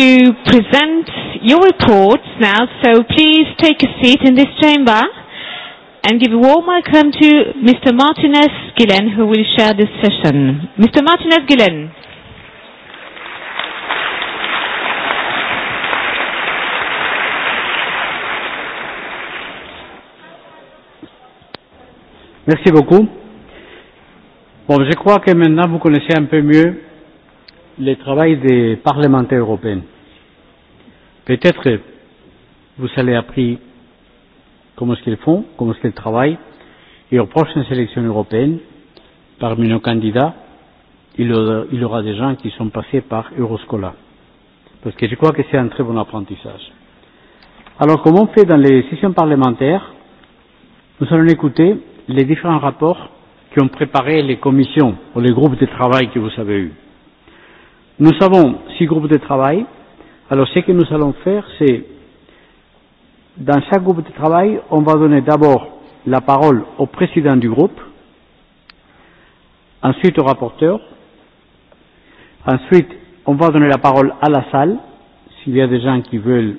to present your reports now, so please take a seat in this chamber and give a warm welcome to Mr. Martinez Gillen, who will share this session. Mr. Martinez Gillen. Merci beaucoup. Bon, je crois que maintenant vous connaissez un peu mieux le travail des parlementaires européens. Peut-être vous allez appris comment est-ce qu'ils font, comment est-ce qu'ils travaillent, et aux prochaines élections européennes, parmi nos candidats, il y, aura, il y aura des gens qui sont passés par Euroscola. Parce que je crois que c'est un très bon apprentissage. Alors, comment on fait dans les sessions parlementaires Nous allons écouter les différents rapports qui ont préparé les commissions ou les groupes de travail que vous avez eus. Nous avons six groupes de travail. Alors, ce que nous allons faire, c'est, dans chaque groupe de travail, on va donner d'abord la parole au président du groupe, ensuite au rapporteur, ensuite, on va donner la parole à la salle, s'il y a des gens qui veulent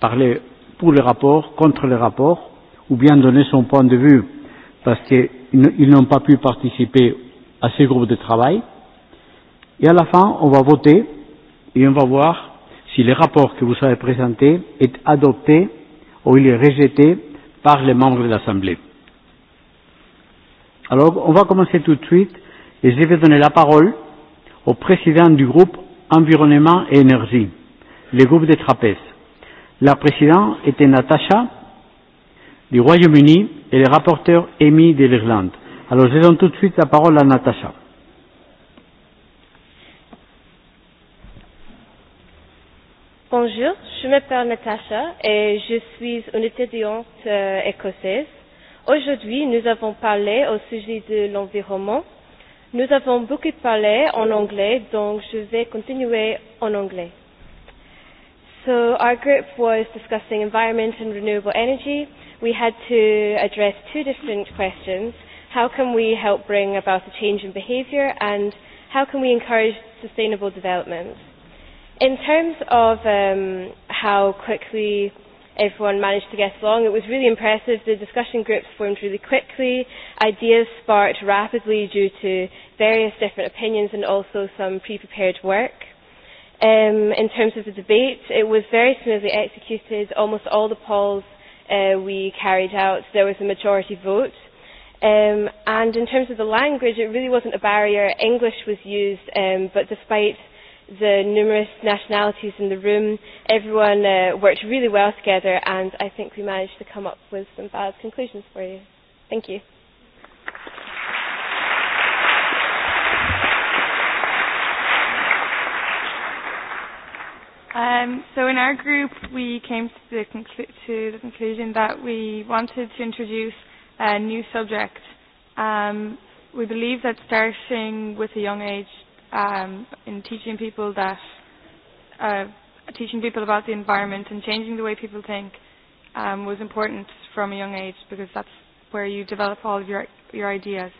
parler pour le rapport, contre le rapport, ou bien donner son point de vue parce qu'ils n'ont pas pu participer à ces groupes de travail. Et à la fin, on va voter et on va voir si le rapport que vous avez présenté est adopté ou il est rejeté par les membres de l'Assemblée. Alors, on va commencer tout de suite et je vais donner la parole au président du groupe Environnement et Énergie, le groupe des Trapèzes. La présidente était Natacha du Royaume-Uni et le rapporteur Amy de l'Irlande. Alors, je donne tout de suite la parole à Natacha. Bonjour, je m'appelle Natasha et je suis une étudiante euh, écossaise. Aujourd'hui, nous avons parlé au sujet de l'environnement. Nous avons beaucoup parlé en anglais, donc je vais continuer en anglais. So, our group was discussing environment and renewable energy. We had to address two different questions. How can we help bring about a change in behavior and how can we encourage sustainable development? In terms of um, how quickly everyone managed to get along, it was really impressive. The discussion groups formed really quickly. Ideas sparked rapidly due to various different opinions and also some pre-prepared work. Um, in terms of the debate, it was very smoothly executed. Almost all the polls uh, we carried out, there was a majority vote. Um, and in terms of the language, it really wasn't a barrier. English was used, um, but despite the numerous nationalities in the room everyone uh, worked really well together and i think we managed to come up with some valid conclusions for you thank you Um, so in our group, we came to the, conclu- to the conclusion that we wanted to introduce a new subject. Um, we believe that starting with a young age um, in teaching people that uh, teaching people about the environment and changing the way people think um, was important from a young age because that's where you develop all of your your ideas.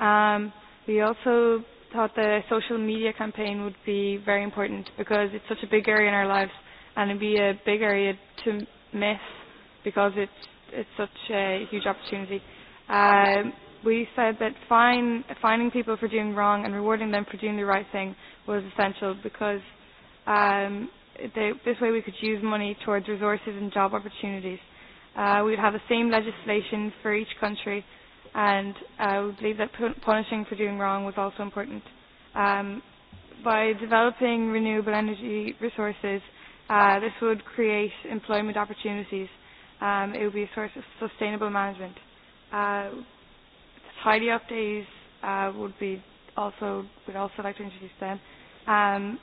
Um, we also thought the social media campaign would be very important because it's such a big area in our lives and it'd be a big area to miss because it's it's such a huge opportunity. Um, we said that fine, fining people for doing wrong and rewarding them for doing the right thing was essential because um, they, this way we could use money towards resources and job opportunities. Uh, we'd have the same legislation for each country and uh, we believe that pu- punishing for doing wrong was also important. Um, by developing renewable energy resources, uh, this would create employment opportunities. Um, it would be a source of sustainable management. Uh, tidy up days uh, would be also would also like to introduce them. Um,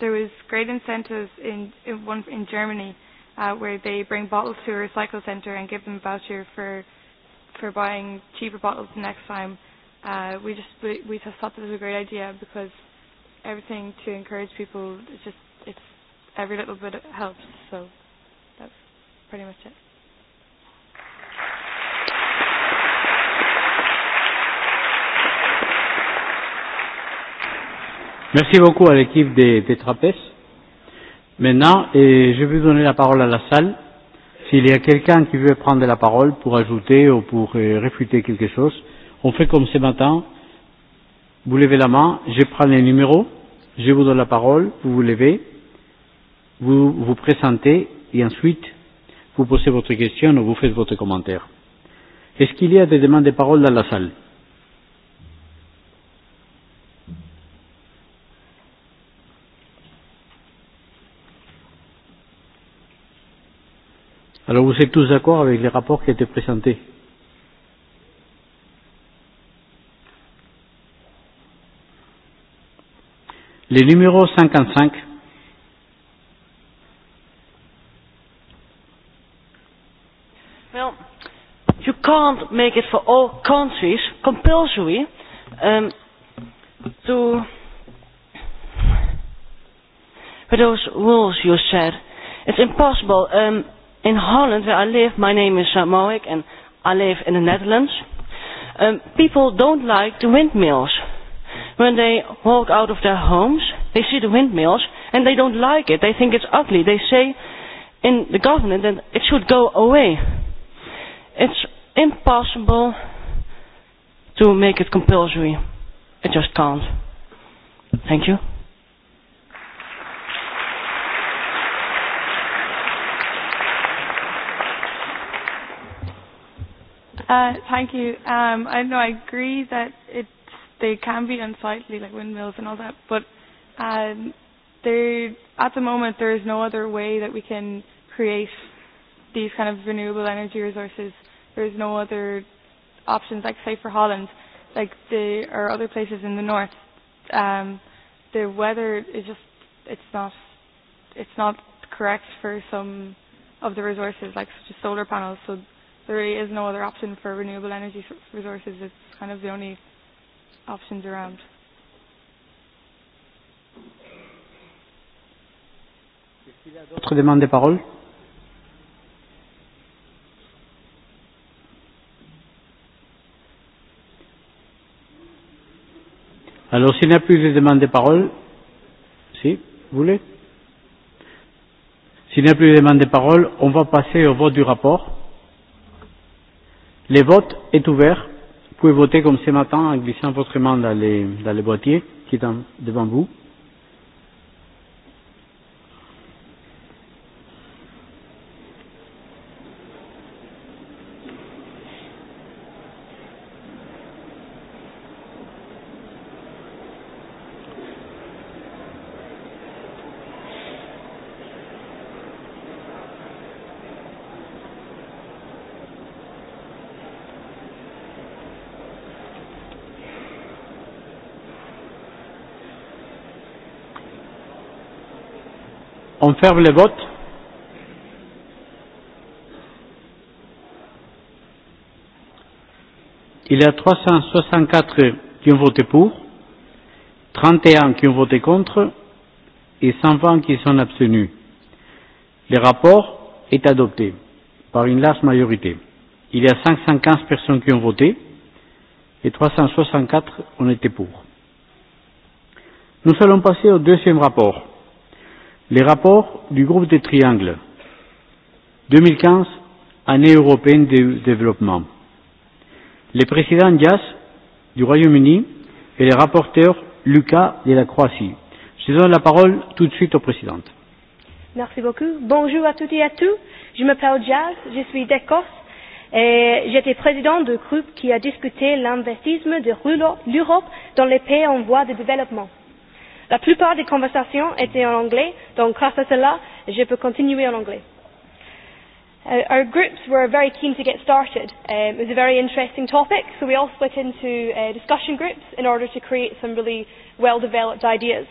there was great incentives in, in one in Germany uh, where they bring bottles to a recycle center and give them a voucher for for buying cheaper bottles the next time. Uh, we just we, we just thought this was a great idea because everything to encourage people it's just it's every little bit helps. So that's pretty much it. Merci beaucoup à l'équipe des, des trapèzes. Maintenant, et je vais donner la parole à la salle. S'il y a quelqu'un qui veut prendre la parole pour ajouter ou pour euh, réfuter quelque chose, on fait comme ce matin. Vous levez la main, je prends les numéros, je vous donne la parole, vous vous levez, vous vous présentez et ensuite vous posez votre question ou vous faites votre commentaire. Est-ce qu'il y a des demandes de parole dans la salle? Alors vous êtes tous d'accord avec les rapports qui étaient présentés Les numéros 55. You can't make it for all countries compulsory um, to. But those rules you said, it's impossible. Um, in Holland, where I live, my name is Samoik and I live in the Netherlands, um, people don't like the windmills. When they walk out of their homes, they see the windmills and they don't like it. They think it's ugly. They say in the government that it should go away. It's impossible to make it compulsory. It just can't. Thank you. Uh, thank you. Um, I know I agree that it they can be unsightly, like windmills and all that, but um, there at the moment there is no other way that we can create these kind of renewable energy resources. There is no other options, like say for Holland, like there are other places in the north. Um, the weather is just it's not it's not correct for some of the resources, like such as solar panels. So there really is no other option for renewable energy resources. It's kind of the only options around. D'autres demandes de parole Alors, s'il n'y a plus de demandes de parole, si, vous voulez S'il n'y a plus de demandes de parole, on va passer au vote du rapport. Les votes est ouvert. Vous pouvez voter comme ce matin en glissant votre main dans les, dans les boîtiers qui sont devant vous. on ferme les bottes. Il y a 364 qui ont voté pour, 31 qui ont voté contre et 120 qui sont abstenus. Le rapport est adopté par une large majorité. Il y a 515 personnes qui ont voté et 364 ont été pour. Nous allons passer au deuxième rapport. Les rapports du groupe des triangles. 2015, année européenne de développement. Le président Yas du Royaume-Uni et le rapporteur Luca de la Croatie. Je donne la parole tout de suite au président. Merci beaucoup. Bonjour à toutes et à tous. Je m'appelle Jazz, je suis d'Écosse et j'étais président du groupe qui a discuté l'investissement de l'Europe dans les pays en voie de développement la plupart des conversations étaient en anglais donc grâce à cela je peux continuer en anglais. Uh, our groups were very keen to get started. Um, it was a very interesting topic, so we all split into uh, discussion groups in order to create some really well developed ideas.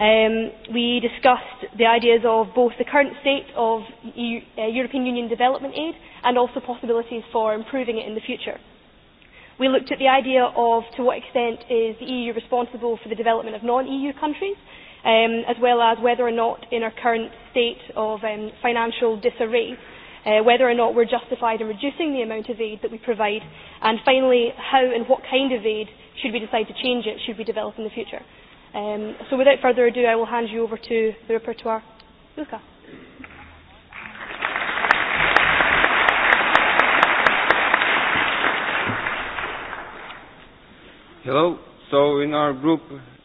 Um, we discussed the ideas of both the current state of EU, uh, European Union development aid and also possibilities for improving it in the future. We looked at the idea of to what extent is the EU responsible for the development of non-EU countries, um, as well as whether or not in our current state of um, financial disarray, uh, whether or not we're justified in reducing the amount of aid that we provide, and finally, how and what kind of aid should we decide to change it, should we develop in the future. Um, so without further ado, I will hand you over to the repertoire, Luca. Hello. So in our group,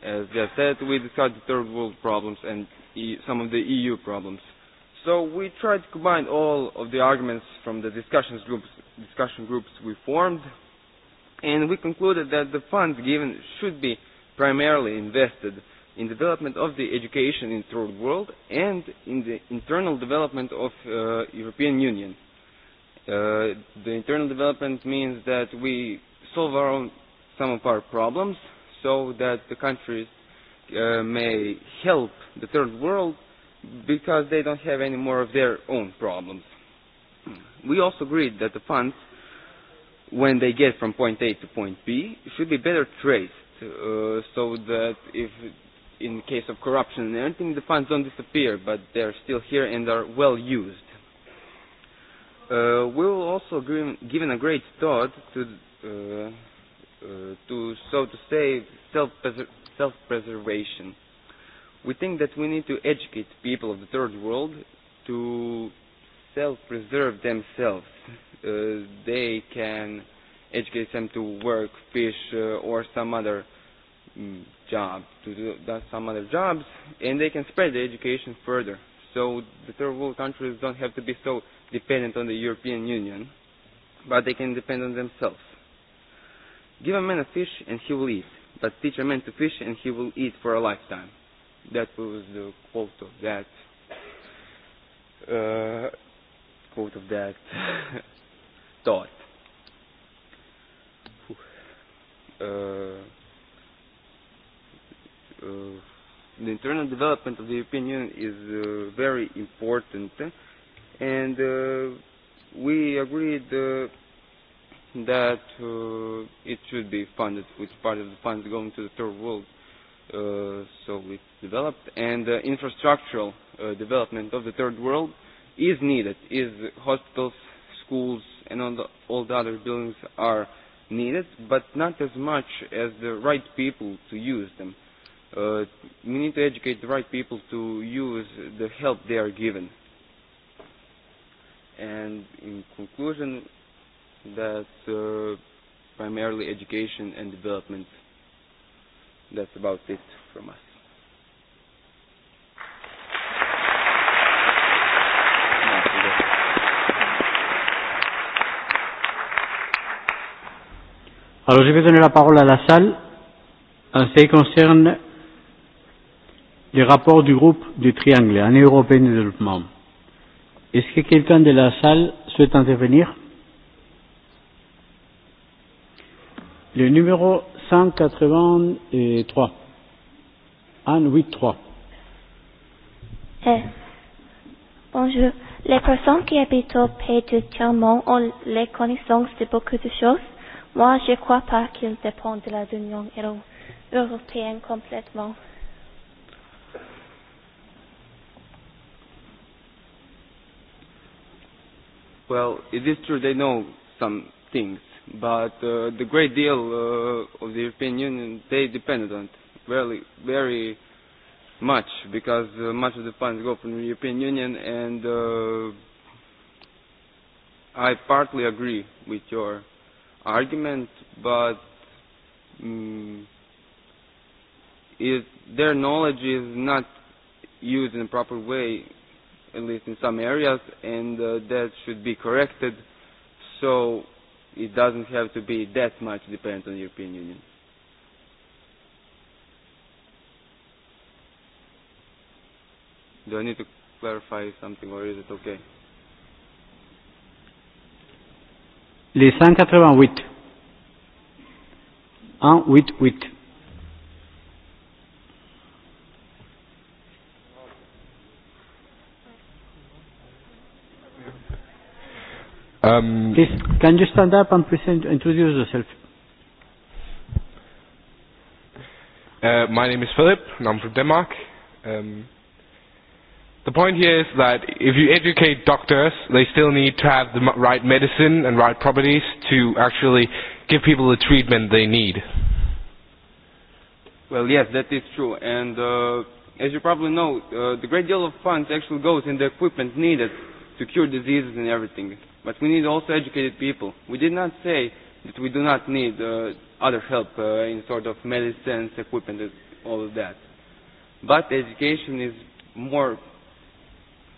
as I said, we discussed the third world problems and e some of the EU problems. So we tried to combine all of the arguments from the discussions groups, discussion groups we formed, and we concluded that the funds given should be primarily invested in development of the education in the third world and in the internal development of uh, European Union. Uh, the internal development means that we solve our own some of our problems so that the countries uh, may help the third world because they don't have any more of their own problems. We also agreed that the funds, when they get from point A to point B, should be better traced uh, so that if, in case of corruption and anything, the funds don't disappear but they're still here and are well used. Uh, we will also give, given a great thought to uh, to so to say self self preservation we think that we need to educate people of the third world to self preserve themselves uh, they can educate them to work fish uh, or some other mm, job to do some other jobs and they can spread the education further so the third world countries don't have to be so dependent on the european union but they can depend on themselves Give a man a fish and he will eat, but teach a man to fish and he will eat for a lifetime. That was the quote of that. Uh, quote of that thought. Uh, uh, the internal development of the European Union is uh, very important, and uh, we agreed. Uh, that uh, it should be funded with part of the funds going to the third world. Uh, so it's developed, and uh, infrastructural uh, development of the third world is needed. Is hospitals, schools, and all the, all the other buildings are needed, but not as much as the right people to use them. Uh, we need to educate the right people to use the help they are given. And in conclusion, that's uh, primarily education and development. That's about it from us. Alors je vais donner la parole à la salle en ce qui concerne les rapports du groupe du Triangle, année européenne de développement. Est-ce que quelqu'un de la salle souhaite intervenir? le numéro 183. Anne 83. Hey. Eh. Bonjour. Les personnes qui habitent au pays du Tiers-Monde ont les connaissances de beaucoup de choses. Moi, je ne crois pas qu'ils dépendent de l'Union Euro européenne complètement. Well, it is true they know some things but uh, the great deal uh, of the European Union they depend on it really very much because uh, much of the funds go from the European Union and uh, I partly agree with your argument but um, it, their knowledge is not used in a proper way at least in some areas and uh, that should be corrected so it doesn't have to be that much dependent on the European Union. Do I need to clarify something or is it okay? Les cinq quatre-vingt-huit. Un, huit, huit. Um, please, can you stand up and please introduce yourself? Uh, my name is Philip, and I'm from Denmark. Um, the point here is that if you educate doctors, they still need to have the right medicine and right properties to actually give people the treatment they need. Well, yes, that is true. And uh, as you probably know, uh, the great deal of funds actually goes in the equipment needed to cure diseases and everything. But we need also educated people. We did not say that we do not need uh, other help uh, in sort of medicines, equipment, all of that. But education is more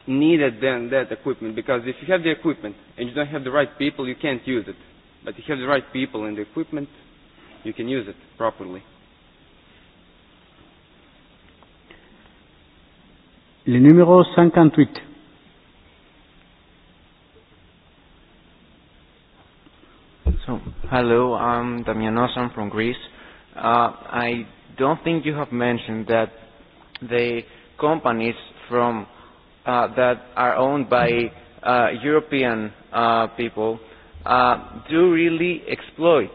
needed than that equipment because if you have the equipment and you don't have the right people, you can't use it. But if you have the right people and the equipment, you can use it properly. Le numéro 58. Oh. Hello, I'm Damianos. I'm from Greece. Uh, I don't think you have mentioned that the companies from uh, that are owned by uh, European uh, people uh, do really exploit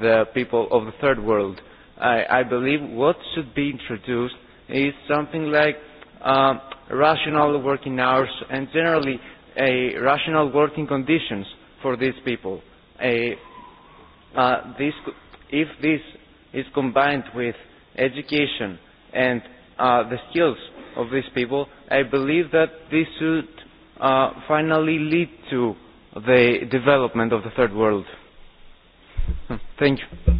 the people of the third world. I, I believe what should be introduced is something like uh, rational working hours and generally a rational working conditions for these people a, uh, this, if this is combined with education and uh, the skills of these people, I believe that this should uh, finally lead to the development of the third world. Hmm. Thank you.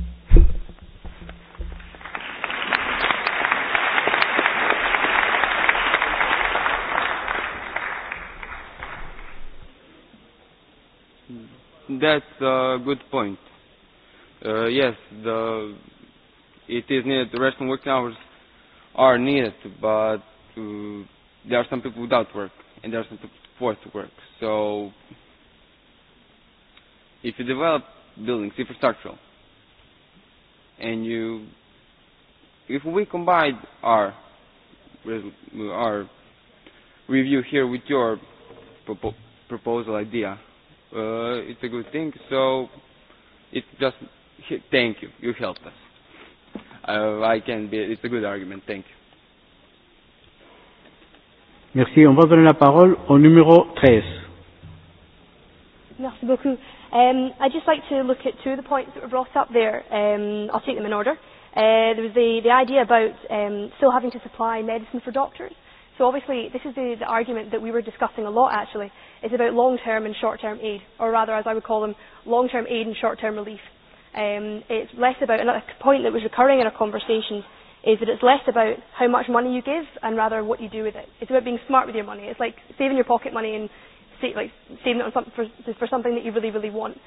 that's a good point. Uh, yes, the, it is needed. The rest and working hours are needed, but uh, there are some people without work, and there are some people forced to work. So, if you develop buildings, infrastructural, and you, if we combine our, our review here with your propo proposal idea, uh, it's a good thing. So it just thank you. You helped us. Uh, I can be. It's a good argument. Thank you. Merci. On va donner la parole au numéro 13. Merci beaucoup. Um, I'd just like to look at two of the points that were brought up there. Um, I'll take them in order. Uh, there was the, the idea about um, still having to supply medicine for doctors. So obviously, this is the, the argument that we were discussing a lot, actually. It's about long-term and short-term aid, or rather, as I would call them, long-term aid and short-term relief. Um, it's less about, and a point that was recurring in our conversation, is that it's less about how much money you give and rather what you do with it. It's about being smart with your money. It's like saving your pocket money and sa- like saving it on some- for, for something that you really, really want.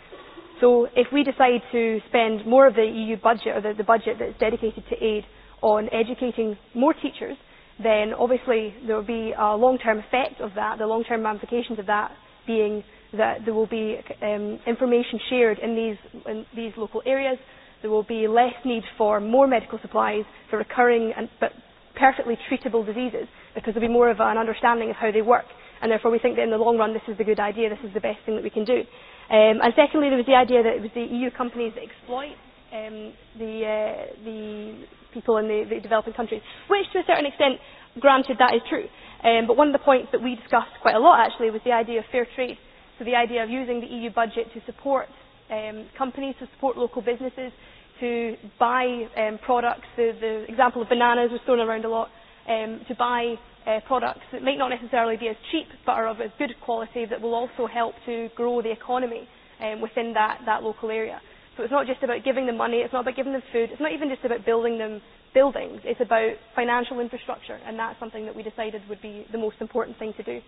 So if we decide to spend more of the EU budget or the, the budget that's dedicated to aid on educating more teachers, then obviously there will be a long-term effect of that, the long-term ramifications of that being that there will be um, information shared in these, in these local areas. There will be less need for more medical supplies for recurring and, but perfectly treatable diseases because there will be more of an understanding of how they work. And therefore we think that in the long run this is the good idea, this is the best thing that we can do. Um, and secondly, there was the idea that it was the EU companies that exploit um, the, uh, the people in the, the developing countries, which to a certain extent, granted, that is true. Um, but one of the points that we discussed quite a lot, actually, was the idea of fair trade. So the idea of using the EU budget to support um, companies, to support local businesses, to buy um, products. The, the example of bananas was thrown around a lot. Um, to buy uh, products that might not necessarily be as cheap, but are of as good quality, that will also help to grow the economy um, within that, that local area. So it's not just about giving them money, it's not about giving them food, it's not even just about building them buildings, it's about financial infrastructure, and that's something that we decided would be the most important thing to do.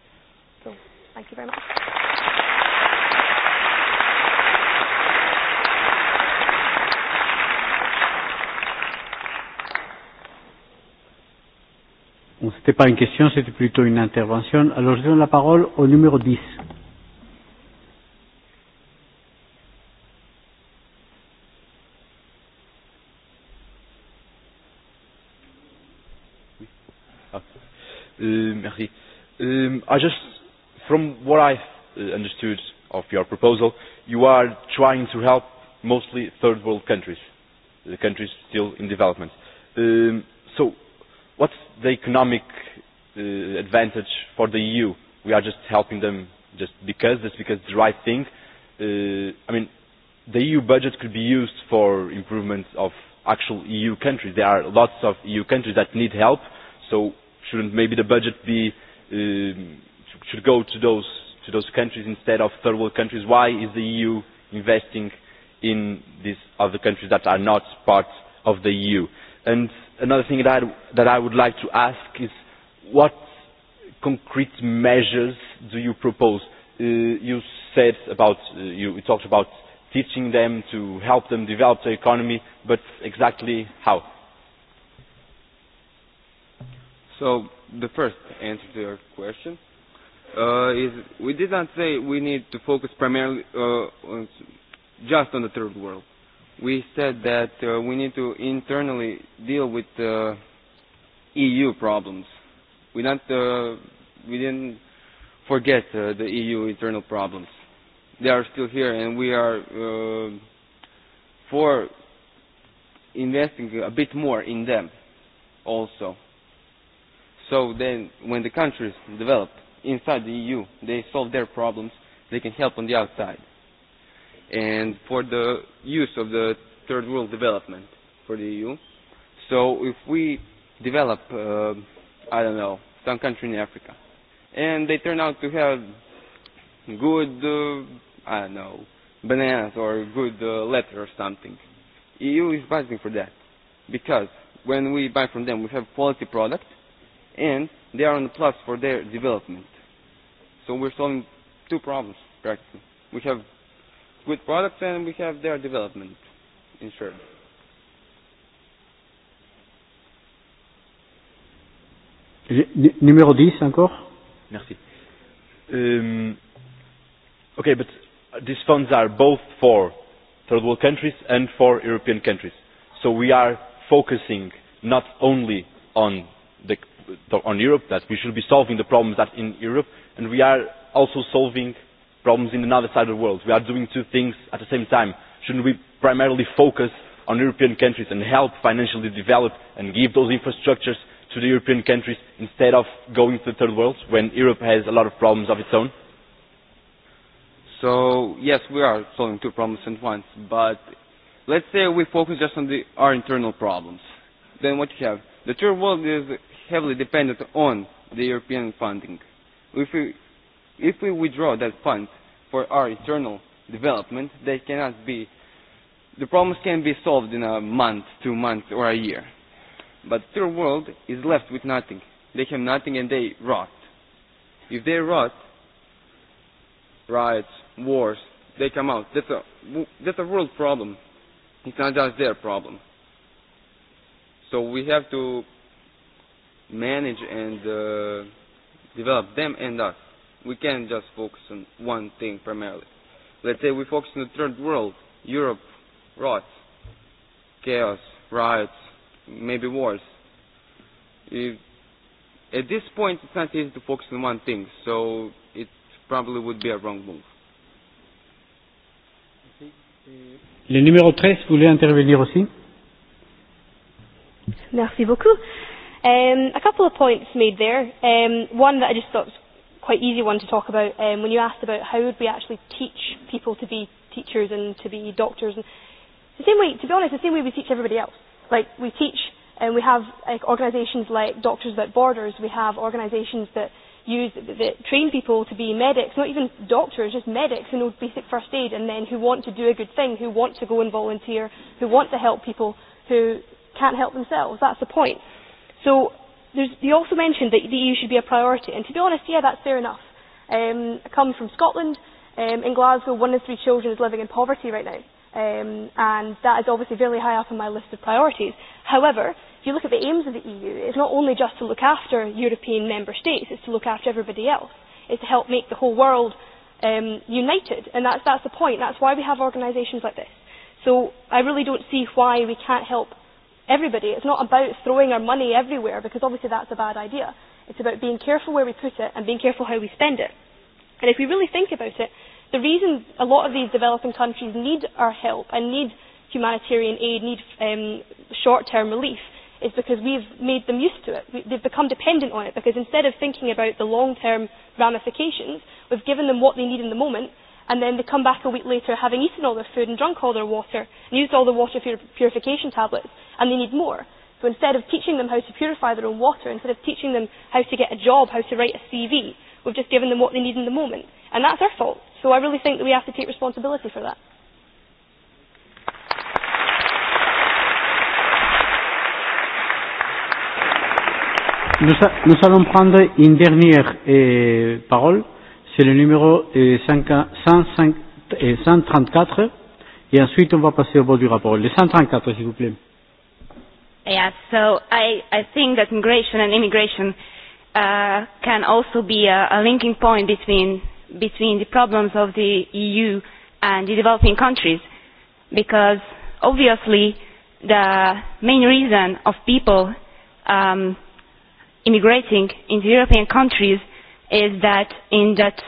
So thank you very much. Ce n'était pas une question, c'était plutôt une intervention. Alors je donne la parole au numéro 10. Merci. Um, um, I just, from what I uh, understood of your proposal, you are trying to help mostly third world countries, the countries still in development. Um, so, what's the economic uh, advantage for the EU? We are just helping them just because, just because it's the right thing. Uh, I mean, the EU budget could be used for improvements of actual EU countries. There are lots of EU countries that need help. So should not maybe the budget be uh, should go to those to those countries instead of third world countries? Why is the EU investing in these other countries that are not part of the EU? And another thing that I, that I would like to ask is what concrete measures do you propose? Uh, you said about uh, you, you talked about teaching them to help them develop the economy, but exactly how? So the first answer to your question uh, is we did not say we need to focus primarily uh, on just on the third world. We said that uh, we need to internally deal with uh, EU problems. We, not, uh, we didn't forget uh, the EU internal problems. They are still here, and we are uh, for investing a bit more in them also so then when the countries develop inside the EU, they solve their problems, they can help on the outside. And for the use of the third world development for the EU, so if we develop, uh, I don't know, some country in Africa, and they turn out to have good, uh, I don't know, bananas or good uh, letter or something, EU is budgeting for that. Because when we buy from them, we have quality product, and they are on the plus for their development. So we're solving two problems, practically. We have good products and we have their development insured. Numéro 10 encore Merci. Um, okay, but these funds are both for third world countries and for European countries. So we are focusing not only on on europe that we should be solving the problems in europe and we are also solving problems on the other side of the world. we are doing two things at the same time. should we not primarily focus on european countries and help financially develop and give those infrastructures to the european countries instead of going to the third world when europe has a lot of problems of its own? so, yes, we are solving two problems at once, but let's say we focus just on the, our internal problems. then what you have? the third world is heavily dependent on the European funding. If we, if we withdraw that fund for our internal development, they cannot be, the problems can be solved in a month, two months, or a year. But the third world is left with nothing. They have nothing and they rot. If they rot, riots, wars, they come out. That's a, that's a world problem. It's not just their problem. So we have to manage and uh, develop them and us. We can't just focus on one thing primarily. Let's say we focus on the third world, Europe, rot, chaos, riots, maybe wars. If, at this point, it's not easy to focus on one thing, so it probably would be a wrong move. Le numéro 13 voulait intervenir aussi. Merci beaucoup. Um, a couple of points made there. Um, one that I just thought was quite easy one to talk about um, when you asked about how would we actually teach people to be teachers and to be doctors. And the same way, to be honest, the same way we teach everybody else. Like we teach, and we have like, organisations like Doctors Without Borders. We have organisations that use that train people to be medics, not even doctors, just medics and basic first aid, and then who want to do a good thing, who want to go and volunteer, who want to help people who can't help themselves. That's the point. So there's, you also mentioned that the EU should be a priority, and to be honest, yeah, that's fair enough. Um, I come from Scotland. Um, in Glasgow, one in three children is living in poverty right now, um, and that is obviously very high up on my list of priorities. However, if you look at the aims of the EU, it's not only just to look after European member states, it's to look after everybody else. It's to help make the whole world um, united, and that's, that's the point. That's why we have organisations like this. So I really don't see why we can't help everybody. It's not about throwing our money everywhere because obviously that's a bad idea. It's about being careful where we put it and being careful how we spend it. And if we really think about it, the reason a lot of these developing countries need our help and need humanitarian aid, need um, short term relief, is because we've made them used to it. We, they've become dependent on it because instead of thinking about the long term ramifications, we've given them what they need in the moment and then they come back a week later having eaten all their food and drunk all their water and used all the water pur- purification tablets and they need more. So instead of teaching them how to purify their own water, instead of teaching them how to get a job, how to write a CV, we've just given them what they need in the moment. And that's our fault. So I really think that we have to take responsibility for that. Nous allons prendre une dernière euh, parole c'est le numéro 134. Euh, euh, Et ensuite, on va passer au bout du rapport. Le 134, s'il vous plaît. Yeah, so I, I think that migration and immigration uh, can also be a, a linking point between, between the problems of the EU and the developing countries. Because obviously, the main reason of people um, immigrating into European countries is that in that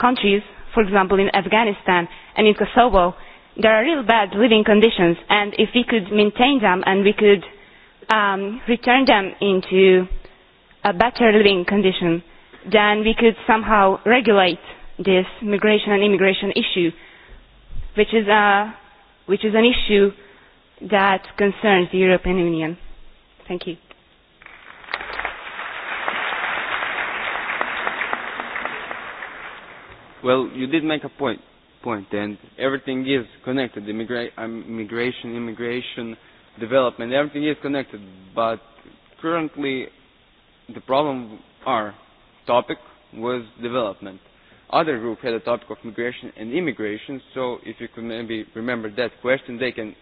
countries, for example, in Afghanistan and in Kosovo, there are real bad living conditions, and if we could maintain them and we could um, return them into a better living condition, then we could somehow regulate this migration and immigration issue, which is, a, which is an issue that concerns the European Union. Thank you. Well, you did make a point, point, and everything is connected. Immigra- um, immigration, immigration, development, everything is connected. But currently, the problem our topic was development. Other group had a topic of migration and immigration. So, if you could maybe remember that question, they can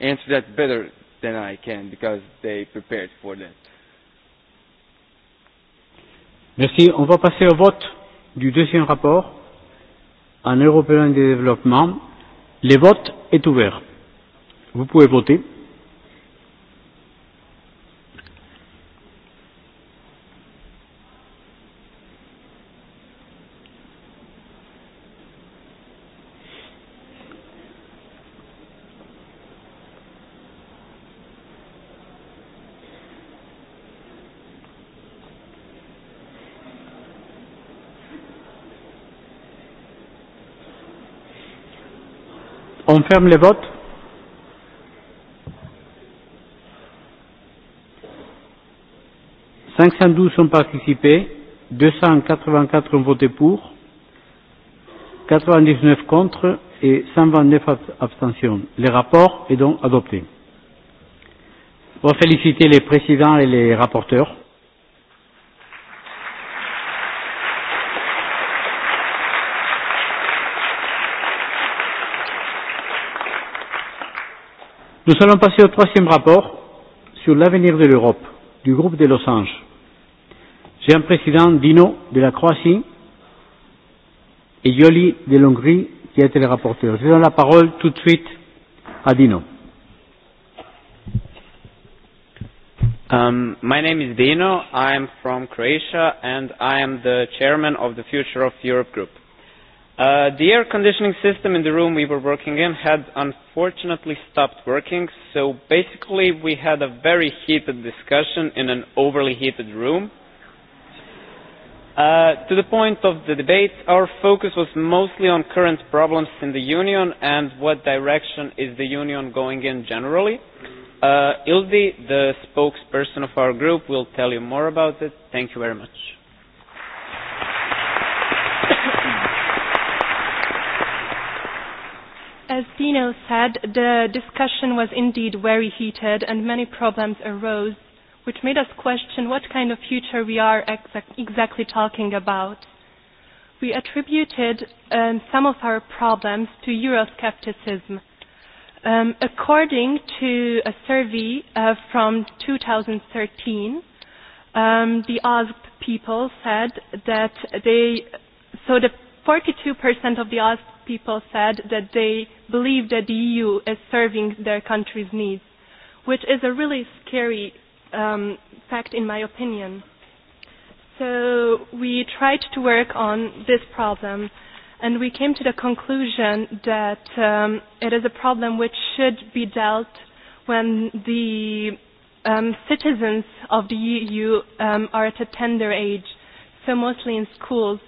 answer that better than I can because they prepared for that. Merci. On va passer au vote du deuxième rapport, un européen de développement, les votes est ouvert. Vous pouvez voter. on ferme les votes. Cinq cent douze ont participé, deux cent quatre-vingt-quatre ont voté pour, quatre-vingt-dix-neuf contre et cent vingt-neuf abstentions. Le rapport est donc adopté. Pour féliciter les présidents et les rapporteurs. Nous allons passer au troisième rapport sur l'avenir de l'Europe du groupe des Losanges. J'ai un président Dino de la Croatie et Yoli de l'Hongrie qui a été le rapporteur. Je donne la parole tout de suite à Dino. Um, my name is Dino. I am from Croatia and I am the chairman of the Future of Europe group. Uh, the air conditioning system in the room we were working in had unfortunately stopped working, so basically we had a very heated discussion in an overly heated room. Uh, to the point of the debate, our focus was mostly on current problems in the union and what direction is the union going in generally. Uh, Ildi, the spokesperson of our group, will tell you more about it. Thank you very much. As Dino said, the discussion was indeed very heated and many problems arose, which made us question what kind of future we are exac- exactly talking about. We attributed um, some of our problems to Euroscepticism. Um, according to a survey uh, from 2013, um, the asked people said that they, so the 42% of the asked people said that they believe that the EU is serving their country's needs, which is a really scary um, fact, in my opinion. So we tried to work on this problem, and we came to the conclusion that um, it is a problem which should be dealt when the um, citizens of the EU um, are at a tender age, so mostly in schools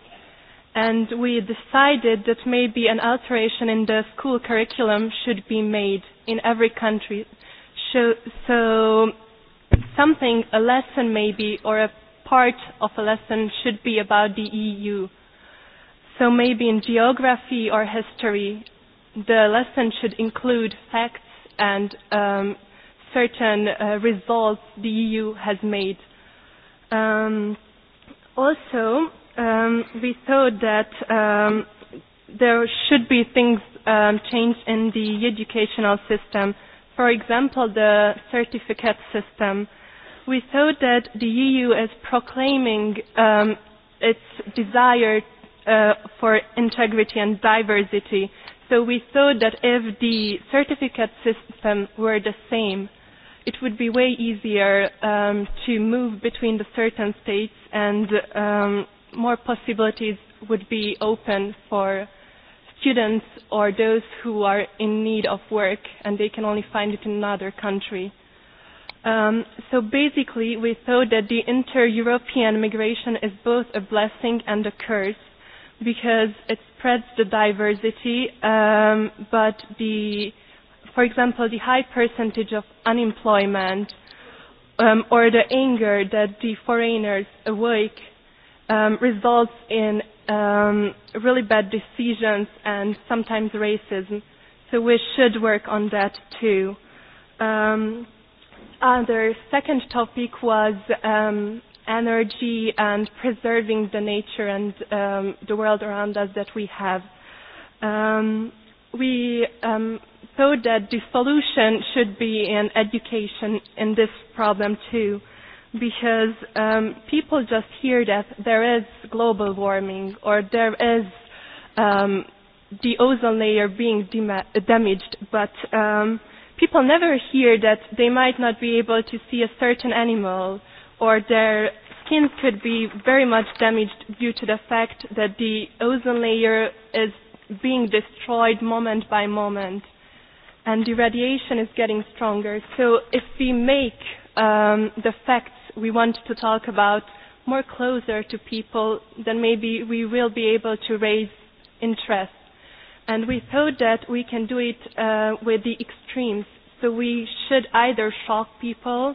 and we decided that maybe an alteration in the school curriculum should be made in every country. So, so something, a lesson maybe, or a part of a lesson should be about the EU. So maybe in geography or history, the lesson should include facts and um, certain uh, results the EU has made. Um, also, um, we saw that um, there should be things um, changed in the educational system. For example, the certificate system. We saw that the EU is proclaiming um, its desire uh, for integrity and diversity. So we saw that if the certificate system were the same, it would be way easier um, to move between the certain states and um, more possibilities would be open for students or those who are in need of work and they can only find it in another country. Um, so basically, we thought that the inter-European migration is both a blessing and a curse because it spreads the diversity, um, but the, for example, the high percentage of unemployment um, or the anger that the foreigners awake um, results in um, really bad decisions and sometimes racism. So we should work on that too. Um, other second topic was um, energy and preserving the nature and um, the world around us that we have. Um, we um, thought that the solution should be in education in this problem too because um, people just hear that there is global warming or there is um, the ozone layer being dema- damaged, but um, people never hear that they might not be able to see a certain animal or their skin could be very much damaged due to the fact that the ozone layer is being destroyed moment by moment and the radiation is getting stronger. so if we make um, the fact we want to talk about more closer to people, then maybe we will be able to raise interest. And we thought that we can do it uh, with the extremes. So we should either shock people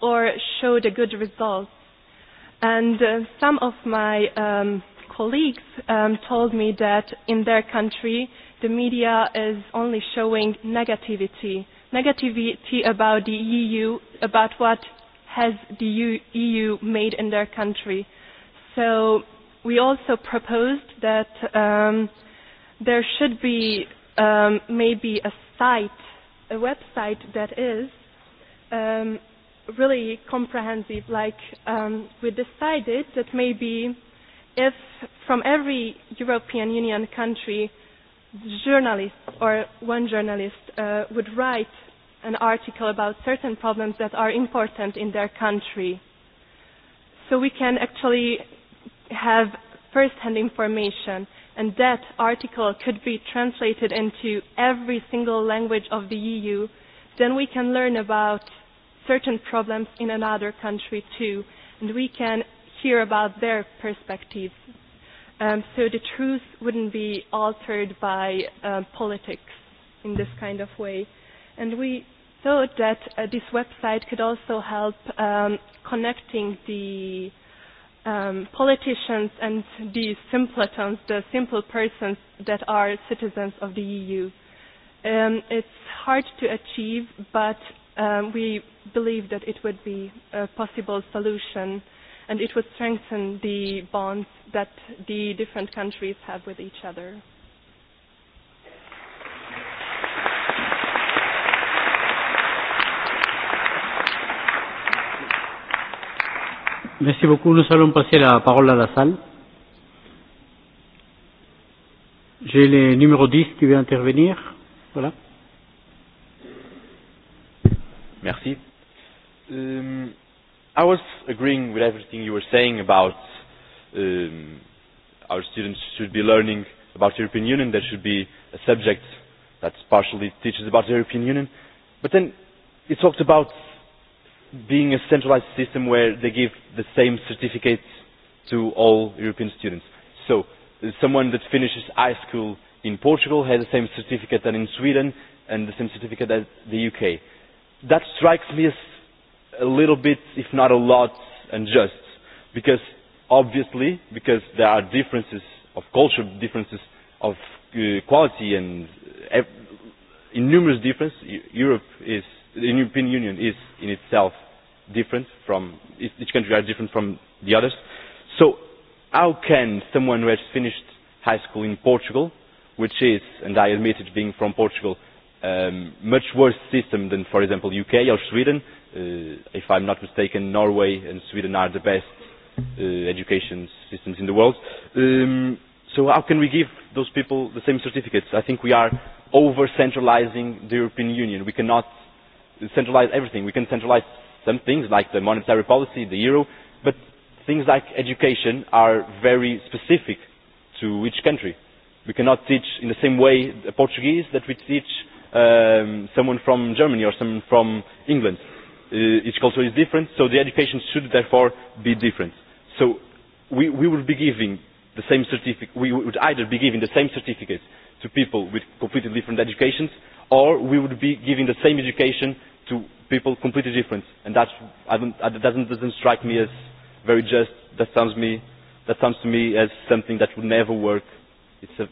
or show the good results. And uh, some of my um, colleagues um, told me that in their country, the media is only showing negativity. Negativity about the EU, about what has the EU e made in their country. So we also proposed that um, there should be um, maybe a site, a website that is um, really comprehensive. Like um, we decided that maybe if from every European Union country, journalists or one journalist uh, would write an article about certain problems that are important in their country. So we can actually have first hand information, and that article could be translated into every single language of the EU. Then we can learn about certain problems in another country too, and we can hear about their perspectives. Um, so the truth wouldn't be altered by uh, politics in this kind of way. And we thought that uh, this website could also help um, connecting the um, politicians and the simpletons, the simple persons that are citizens of the EU. Um, it's hard to achieve, but um, we believe that it would be a possible solution and it would strengthen the bonds that the different countries have with each other. Merci beaucoup. Nous allons passer la parole à la salle. J'ai le numéro 10 qui veut intervenir. Voilà. Merci. Um, I was agreeing with everything you were saying about um, our students should be learning about the European Union. There should be a subject that partially teaches about the European Union. But then you talked about being a centralised system where they give the same certificate to all European students. So someone that finishes high school in Portugal has the same certificate than in Sweden and the same certificate as the UK. That strikes me as a little bit, if not a lot, unjust. Because obviously, because there are differences of culture, differences of uh, quality and uh, in numerous differences, Europe is the european union is in itself different from each country is different from the others so how can someone who has finished high school in portugal which is and i admit it being from portugal a um, much worse system than for example uk or sweden uh, if i'm not mistaken norway and sweden are the best uh, education systems in the world um, so how can we give those people the same certificates i think we are over centralizing the european union we cannot centralise everything. We can centralise some things like the monetary policy, the euro, but things like education are very specific to each country. We cannot teach in the same way the Portuguese that we teach um, someone from Germany or someone from England. Uh, each culture is different, so the education should therefore be different. So we, we would be giving the same certificate, we would either be giving the same certificate to people with completely different educations, or we would be giving the same education to people completely different and that does not strike me as very just that sounds, me, that sounds to me as something that would never work it's a,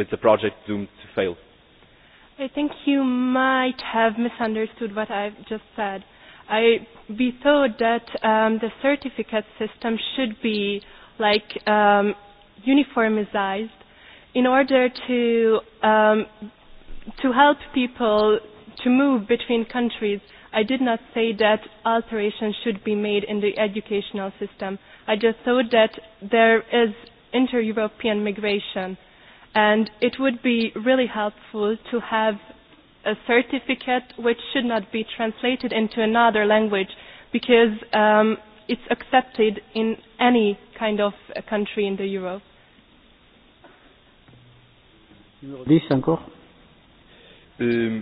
it's a project doomed to fail I think you might have misunderstood what I've just said I we thought that um, the certificate system should be like um, uniformized in order to um, to help people to move between countries, I did not say that alterations should be made in the educational system. I just thought that there is inter European migration, and it would be really helpful to have a certificate which should not be translated into another language because um, it's accepted in any kind of a country in the euro. Euh,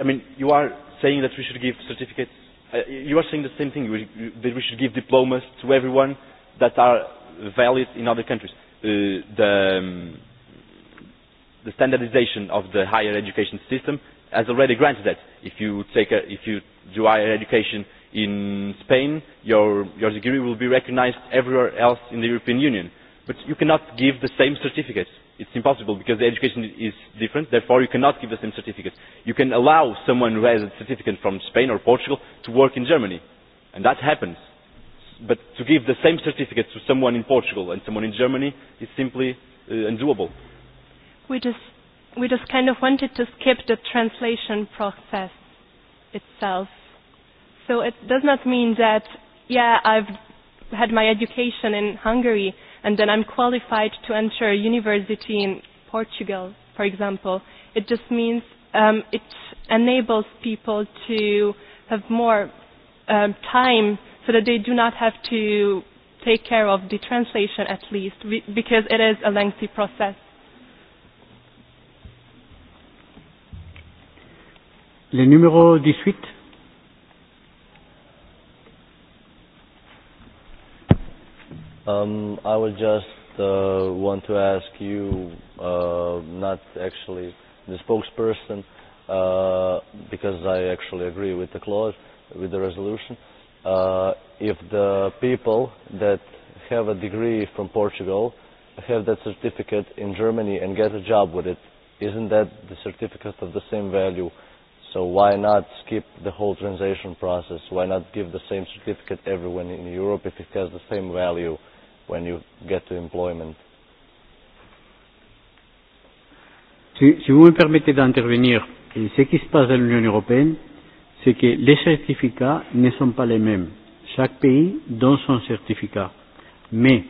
I mean, you are saying that we should give certificates. Uh, you are saying the same thing, that we should give diplomas to everyone that are valid in other countries. Uh, the, um, the standardization of the higher education system has already granted that. If you, take a, if you do higher education in Spain, your, your degree will be recognized everywhere else in the European Union. But you cannot give the same certificates it is impossible because the education is different therefore you cannot give the same certificate. you can allow someone who has a certificate from spain or portugal to work in germany and that happens but to give the same certificate to someone in portugal and someone in germany is simply uh, undoable. we just we just kind of wanted to skip the translation process itself so it does not mean that yeah i've had my education in hungary and then I'm qualified to enter a university in Portugal, for example. It just means um, it enables people to have more um, time so that they do not have to take care of the translation at least, because it is a lengthy process. Le numéro 18. Um, I would just uh, want to ask you, uh, not actually the spokesperson, uh, because I actually agree with the clause, with the resolution, uh, if the people that have a degree from Portugal have that certificate in Germany and get a job with it, isn't that the certificate of the same value? So why not skip the whole translation process? Why not give the same certificate everyone in Europe if it has the same value when you get to employment? Si, si vous me permettez d'intervenir, ce qui se passe dans l'Union européenne, c'est que les certificats ne sont pas les mêmes. Chaque pays donne son certificat, mais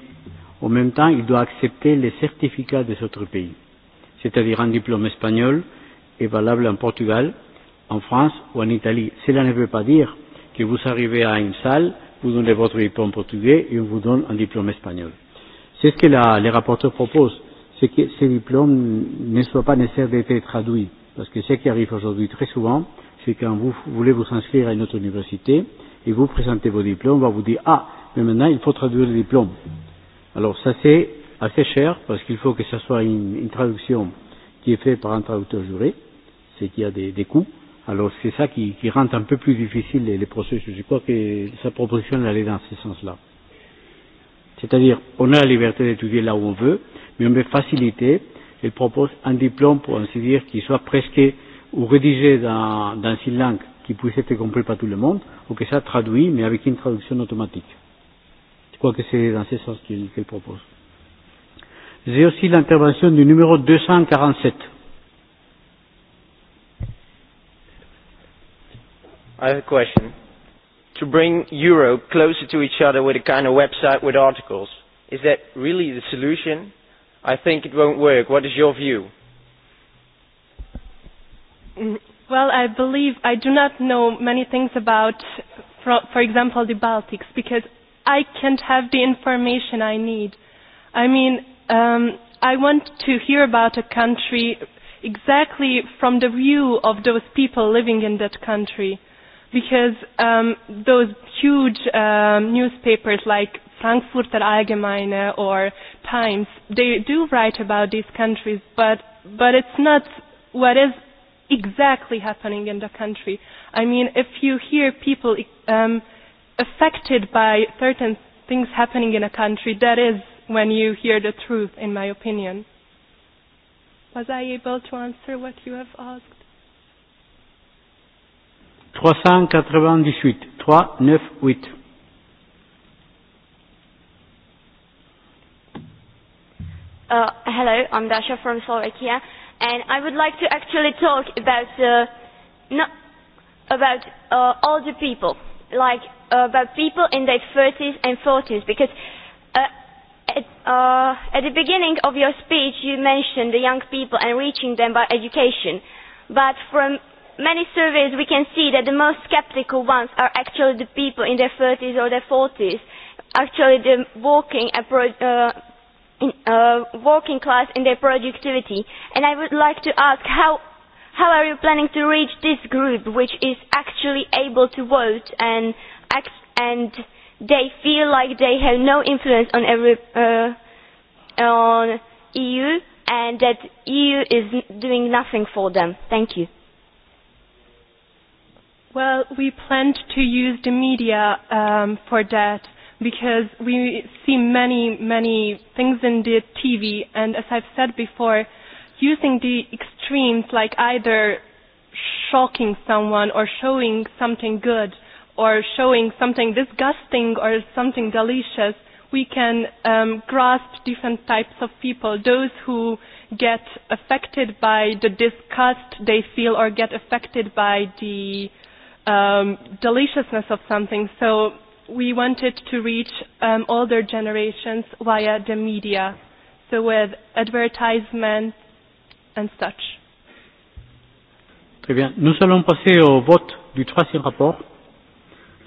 en même temps, il doit accepter les certificats des autres pays. C'est-à-dire un diplôme espagnol est valable en Portugal, en France ou en Italie. Cela ne veut pas dire que vous arrivez à une salle, vous donnez votre diplôme portugais et on vous donne un diplôme espagnol. C'est ce que la, les rapporteurs proposent, c'est que ces diplômes ne soient pas nécessaires d'être traduits. Parce que ce qui arrive aujourd'hui très souvent, c'est quand vous voulez vous inscrire à une autre université et vous présentez vos diplômes, on va vous dire Ah, mais maintenant il faut traduire le diplôme. Alors ça c'est assez cher parce qu'il faut que ce soit une, une traduction qui est faite par un traducteur juré, c'est qu'il y a des, des coûts. Alors c'est ça qui, qui rend un peu plus difficile les, les processus. Je crois que sa proposition allait dans ce sens-là. C'est-à-dire, on a la liberté d'étudier là où on veut, mais on veut faciliter. Il propose un diplôme, pour ainsi dire, qui soit presque ou rédigé dans, dans une langue qui puisse être compris par tout le monde, ou que ça traduit, mais avec une traduction automatique. Je crois que c'est dans ce sens qu'il qu propose. J'ai aussi l'intervention du numéro 247. I have a question. To bring Europe closer to each other with a kind of website with articles, is that really the solution? I think it won't work. What is your view? Mm, well, I believe I do not know many things about, for example, the Baltics, because I can't have the information I need. I mean, um, I want to hear about a country exactly from the view of those people living in that country because um, those huge um, newspapers like Frankfurter Allgemeine or Times, they do write about these countries, but, but it's not what is exactly happening in the country. I mean, if you hear people um, affected by certain things happening in a country, that is when you hear the truth, in my opinion. Was I able to answer what you have asked? 398. 3, 9, 8. Uh, hello, I'm Dasha from Slovakia, and I would like to actually talk about uh, not about uh, older people, like uh, about people in their 30s and 40s, because uh, at, uh, at the beginning of your speech you mentioned the young people and reaching them by education, but from many surveys we can see that the most sceptical ones are actually the people in their thirties or their forties actually the working, uh, uh, working class in their productivity and i would like to ask how how are you planning to reach this group which is actually able to vote and act and they feel like they have no influence on every uh, on eu and that eu is doing nothing for them thank you Well, we planned to use the media um, for that because we see many, many things in the TV. And as I've said before, using the extremes like either shocking someone or showing something good or showing something disgusting or something delicious, we can um, grasp different types of people. Those who get affected by the disgust they feel or get affected by the um, deliciousness of something. So we wanted to reach um, older generations via the media, so with advertisement and such. Très bien. Nous allons passer au vote du troisième rapport,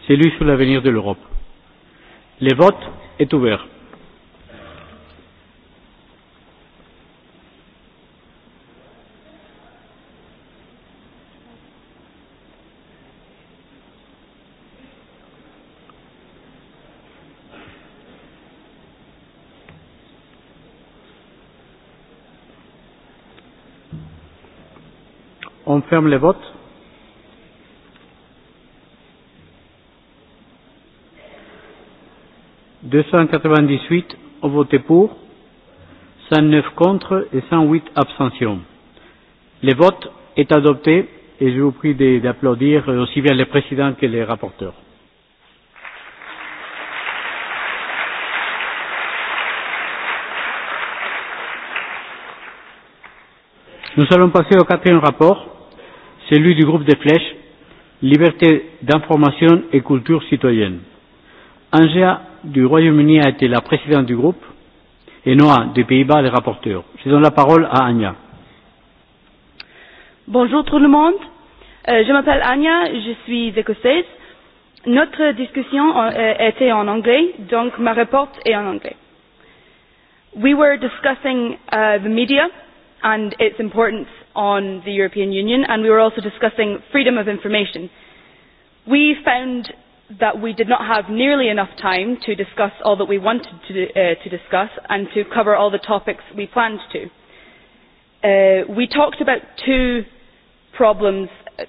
celui sur l'avenir de l'Europe. Le vote est ouvert. On ferme les votes. Deux cent quatre-vingt-dix-huit ont voté pour, cent neuf contre et cent huit abstentions. Les votes est adopté et je vous prie d'applaudir aussi bien les présidents que les rapporteurs. Nous allons passer au quatrième rapport celui du groupe des flèches, liberté d'information et culture citoyenne. Angéa du Royaume-Uni a été la présidente du groupe et Noah des Pays-Bas les rapporteurs. Je donne la parole à Anya. Bonjour tout le monde. Euh, je m'appelle Anya, je suis écossaise. Notre discussion euh, euh, était en anglais, donc ma réponse est en anglais. We were discussing uh, the media and its importance on the European Union and we were also discussing freedom of information. We found that we did not have nearly enough time to discuss all that we wanted to, uh, to discuss and to cover all the topics we planned to. Uh, we talked about two problems uh,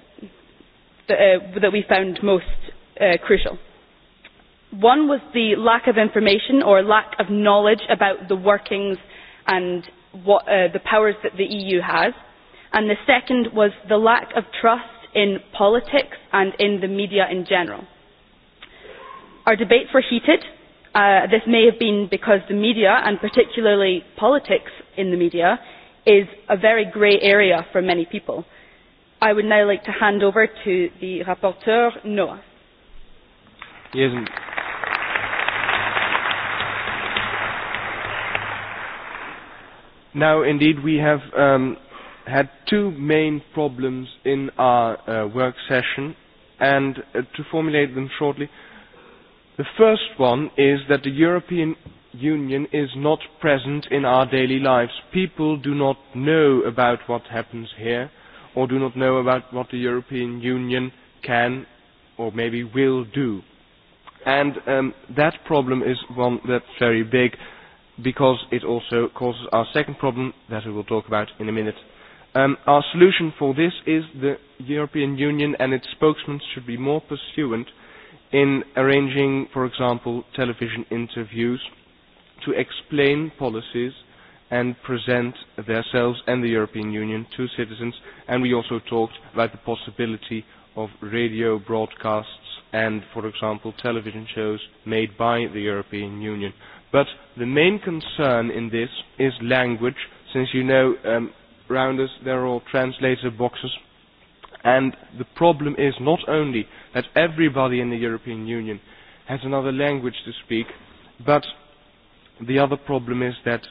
that, uh, that we found most uh, crucial. One was the lack of information or lack of knowledge about the workings and what, uh, the powers that the EU has and the second was the lack of trust in politics and in the media in general. Our debates were heated. Uh, this may have been because the media, and particularly politics in the media, is a very grey area for many people. I would now like to hand over to the rapporteur, Noah. Yes. Now, indeed, we have um, had two main problems in our uh, work session and uh, to formulate them shortly. The first one is that the European Union is not present in our daily lives. People do not know about what happens here or do not know about what the European Union can or maybe will do. And um, that problem is one that's very big because it also causes our second problem that we will talk about in a minute. Um, our solution for this is the European Union and its spokesmen should be more pursuant in arranging, for example, television interviews to explain policies and present themselves and the European Union to citizens. And we also talked about the possibility of radio broadcasts and, for example, television shows made by the European Union. But the main concern in this is language, since you know um, around us, they're all translator boxes. And the problem is not only that everybody in the European Union has another language to speak, but the other problem is that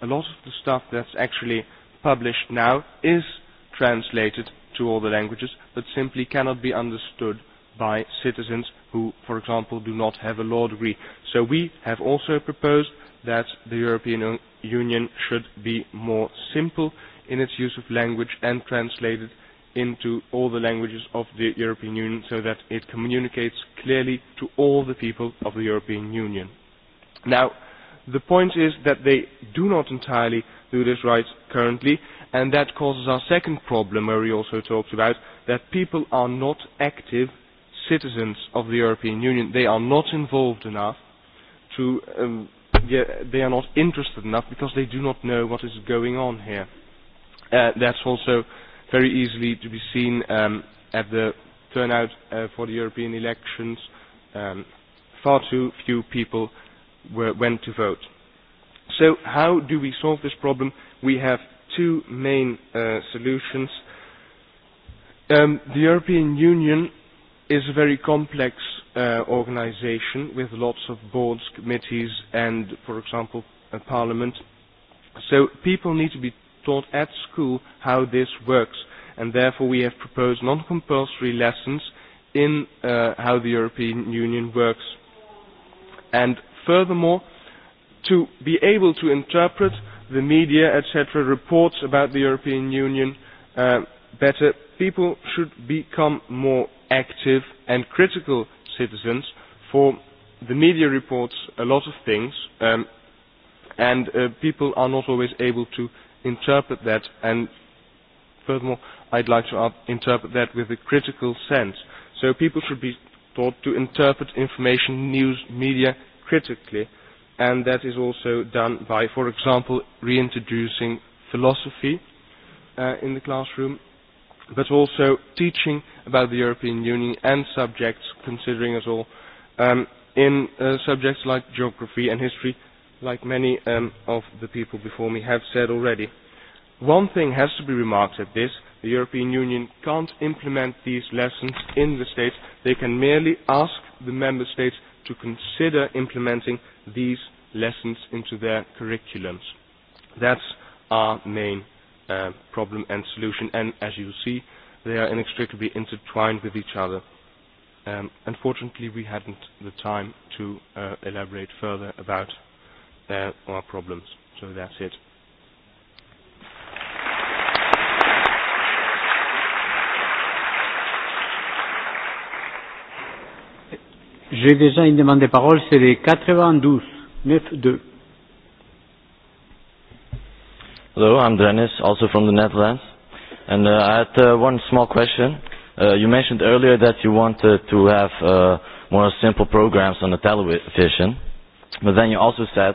a lot of the stuff that's actually published now is translated to all the languages, but simply cannot be understood by citizens who, for example, do not have a law degree. So we have also proposed that the European Union should be more simple in its use of language and translate it into all the languages of the European Union so that it communicates clearly to all the people of the European Union. Now, the point is that they do not entirely do this right currently, and that causes our second problem, where we also talked about that people are not active citizens of the European Union. They are not involved enough to. Um, they are not interested enough because they do not know what is going on here uh, that's also very easily to be seen um, at the turnout uh, for the European elections. Um, far too few people were, went to vote. So how do we solve this problem? We have two main uh, solutions. Um, the European Union is a very complex uh, organization with lots of boards, committees, and, for example, a parliament. So people need to be taught at school how this works and therefore we have proposed non-compulsory lessons in uh, how the European Union works. And furthermore, to be able to interpret the media, etc., reports about the European Union uh, better, people should become more active and critical citizens for the media reports a lot of things um, and uh, people are not always able to interpret that and furthermore I'd like to interpret that with a critical sense. So people should be taught to interpret information, news, media critically and that is also done by, for example, reintroducing philosophy uh, in the classroom but also teaching about the European Union and subjects, considering us all, um, in uh, subjects like geography and history like many um, of the people before me have said already. One thing has to be remarked at this, the European Union can't implement these lessons in the states, they can merely ask the member states to consider implementing these lessons into their curriculums. That's our main uh, problem and solution, and as you see, they are inextricably intertwined with each other. Um, unfortunately, we hadn't the time to uh, elaborate further about there are problems. So that's it. J'ai déjà une demande de parole, c'est les 92, 9-2. Hello, I'm Dennis, also from the Netherlands. And uh, I had uh, one small question. Uh, you mentioned earlier that you wanted to have uh, more simple programs on the television. But then you also said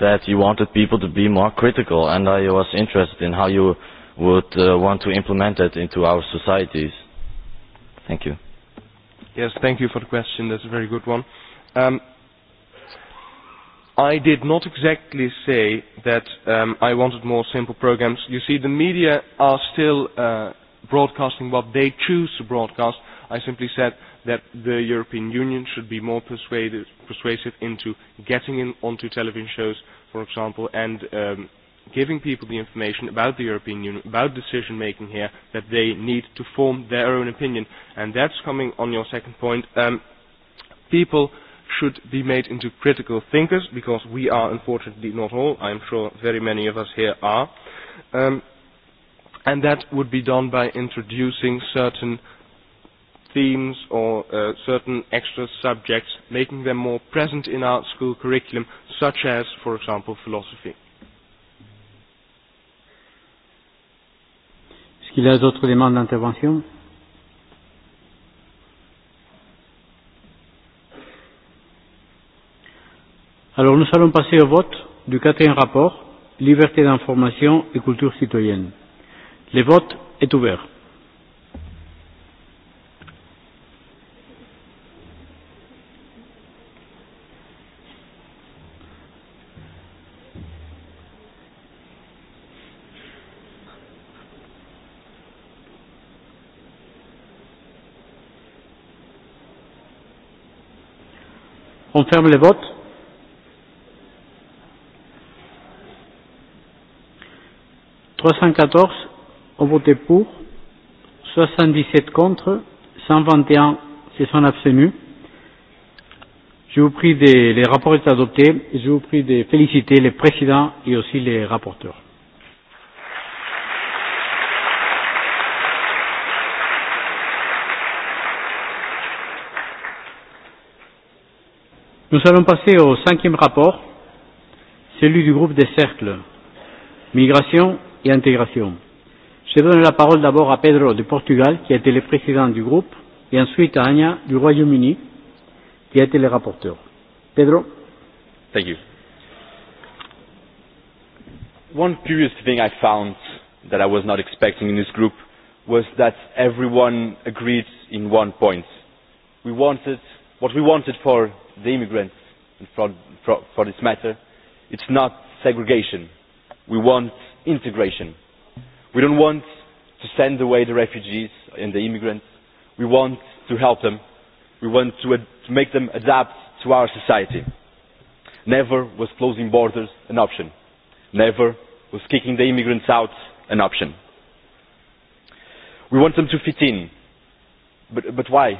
that you wanted people to be more critical, and I was interested in how you would uh, want to implement it into our societies. Thank you. Yes, thank you for the question. That's a very good one. Um, I did not exactly say that um, I wanted more simple programs. You see, the media are still uh, broadcasting what they choose to broadcast. I simply said that the European Union should be more persuaded, persuasive into getting in onto television shows, for example, and um, giving people the information about the European Union, about decision making here, that they need to form their own opinion. And that's coming on your second point. Um, people should be made into critical thinkers, because we are unfortunately not all. I'm sure very many of us here are. Um, and that would be done by introducing certain themes or uh, certain extra subjects, making them more present in our school curriculum, such as, for example, philosophy. Est-ce qu'il y a d'autres demandes d'intervention Alors nous allons passer au vote du quatrième rapport, Liberté d'information et culture citoyenne. Le vote est ouvert. On ferme les votes. Trois cent quatorze ont voté pour, 77 contre, 121 se sont abstenus. Je vous prie des, les rapports étaient adoptés. Je vous prie de féliciter les présidents et aussi les rapporteurs. Nous allons passer au cinquième rapport, celui du groupe des cercles, migration et intégration. Je donne la parole d'abord à Pedro de Portugal, qui a été le président du groupe, et ensuite à Anya du Royaume-Uni, qui a été le rapporteur. Pedro. Thank you. One curious thing I found that I was not expecting in this group was that everyone agreed in one point. We wanted what we wanted for the immigrants for, for, for this matter. It's not segregation. We want integration we do not want to send away the refugees and the immigrants we want to help them we want to, ad- to make them adapt to our society. never was closing borders an option. never was kicking the immigrants out an option. we want them to fit in. but, but why?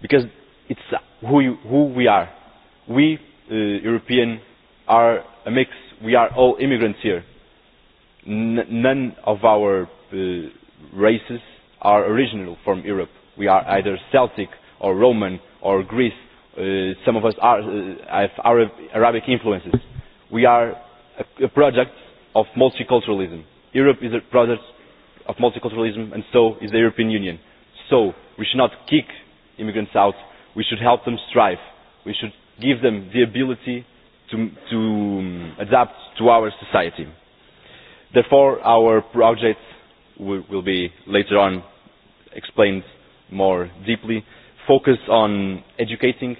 because it's who, you, who we are. we, uh, european, are a mix. we are all immigrants here none of our uh, races are original from europe we are either celtic or roman or greek uh, some of us uh, have arabic influences we are a product of multiculturalism europe is a product of multiculturalism and so is the european union so we should not kick immigrants out we should help them strive we should give them the ability to, to um, adapt to our society therefore our project will be later on explained more deeply focus on educating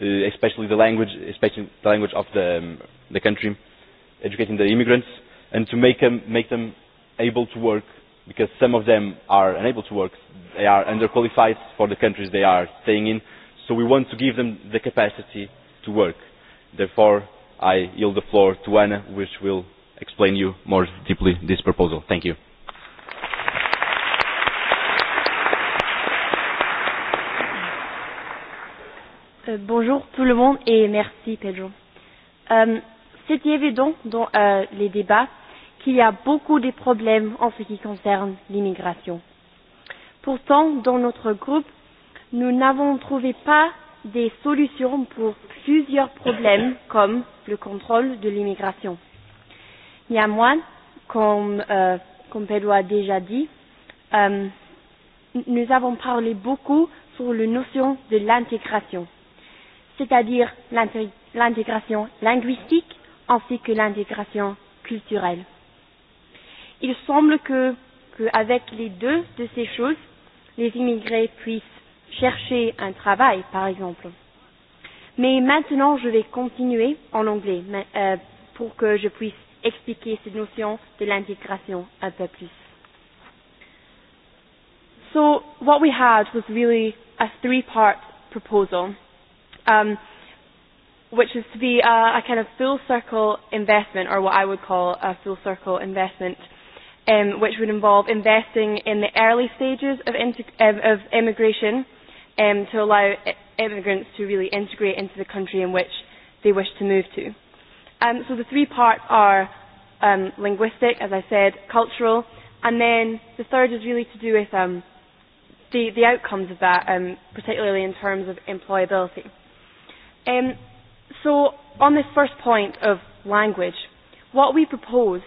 uh, especially the language especially the language of the um, the country educating the immigrants and to make them make them able to work because some of them are unable to work they are underqualified for the countries they are staying in so we want to give them the capacity to work therefore i yield the floor to Anna which will explain you more deeply this proposal. Thank you. Euh, bonjour tout le monde et merci Pedro. Euh, C'est évident dans euh, les débats qu'il y a beaucoup de problèmes en ce qui concerne l'immigration. Pourtant, dans notre groupe, nous n'avons trouvé pas des solutions pour plusieurs problèmes comme le contrôle de l'immigration. Néanmoins, comme, euh, comme Pedro a déjà dit, euh, nous avons parlé beaucoup sur la notion de l'intégration, c'est-à-dire l'intégration linguistique ainsi que l'intégration culturelle. Il semble que, que avec les deux de ces choses, les immigrés puissent chercher un travail, par exemple. Mais maintenant, je vais continuer en anglais mais, euh, pour que je puisse expliquer cette notion de l'intégration un peu plus. So what we had was really a three-part proposal, um, which is to be a, a kind of full-circle investment, or what I would call a full-circle investment, um, which would involve investing in the early stages of, integ- of immigration um, to allow immigrants to really integrate into the country in which they wish to move to. Um, so the three parts are um, linguistic as i said cultural and then the third is really to do with um, the, the outcomes of that um, particularly in terms of employability um, so on this first point of language what we propose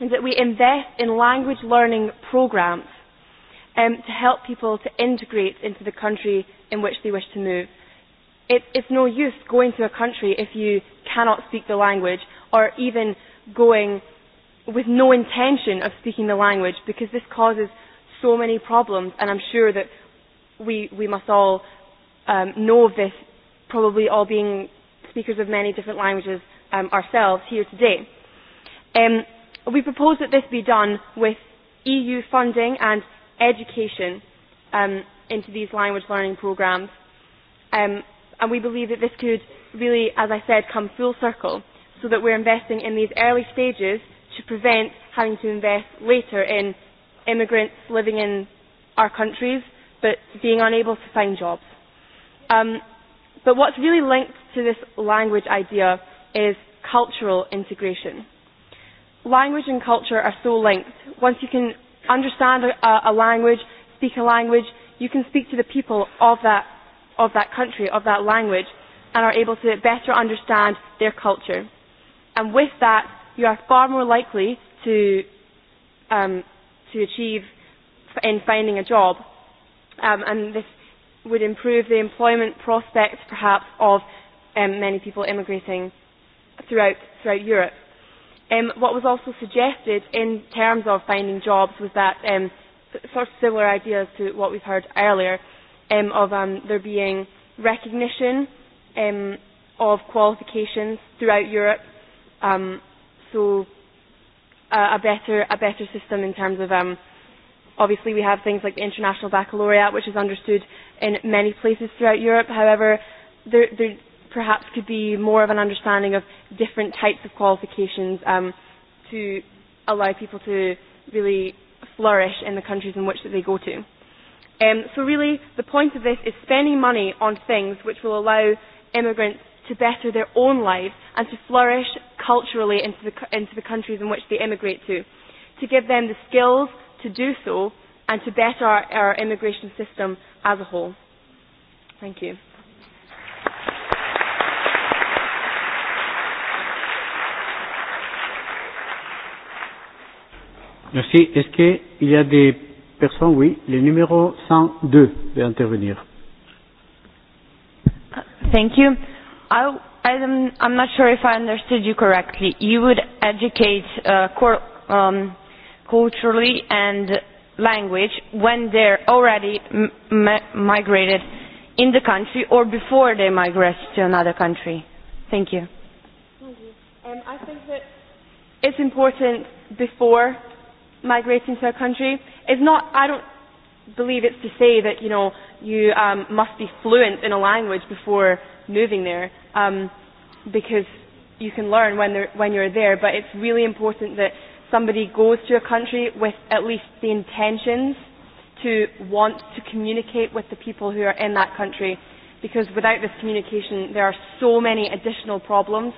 is that we invest in language learning programs um, to help people to integrate into the country in which they wish to move it is no use going to a country if you cannot speak the language or even going with no intention of speaking the language because this causes so many problems and i'm sure that we, we must all um, know of this probably all being speakers of many different languages um, ourselves here today. Um, we propose that this be done with EU funding and education um, into these language learning programmes. Um, and we believe that this could really, as I said, come full circle so that we're investing in these early stages to prevent having to invest later in immigrants living in our countries but being unable to find jobs. Um, but what's really linked to this language idea is cultural integration. Language and culture are so linked. Once you can understand a, a language, speak a language, you can speak to the people of that of that country, of that language, and are able to better understand their culture. And with that, you are far more likely to, um, to achieve in finding a job. Um, and this would improve the employment prospects, perhaps, of um, many people immigrating throughout, throughout Europe. Um, what was also suggested in terms of finding jobs was that, um, sort of similar ideas to what we've heard earlier, um, of um, there being recognition um, of qualifications throughout Europe, um, so a, a, better, a better system in terms of, um, obviously we have things like the International Baccalaureate, which is understood in many places throughout Europe, however, there, there perhaps could be more of an understanding of different types of qualifications um, to allow people to really flourish in the countries in which that they go to. Um, so really, the point of this is spending money on things which will allow immigrants to better their own lives and to flourish culturally into the, into the countries in which they immigrate to, to give them the skills to do so and to better our, our immigration system as a whole. Thank you. Merci. Est-ce qu'il y a des personne, oui, le numéro 102 va intervenir. Thank you. I, I'm, I'm not sure if I understood you correctly. You would educate uh, cor, um, culturally and language when they're already m m migrated in the country or before they migrate to another country. Thank you. Thank you. Um, I think that it's important before migrating to a country is not I don't believe it's to say that you know you um, must be fluent in a language before moving there um, because you can learn when, when you're there but it's really important that somebody goes to a country with at least the intentions to want to communicate with the people who are in that country because without this communication there are so many additional problems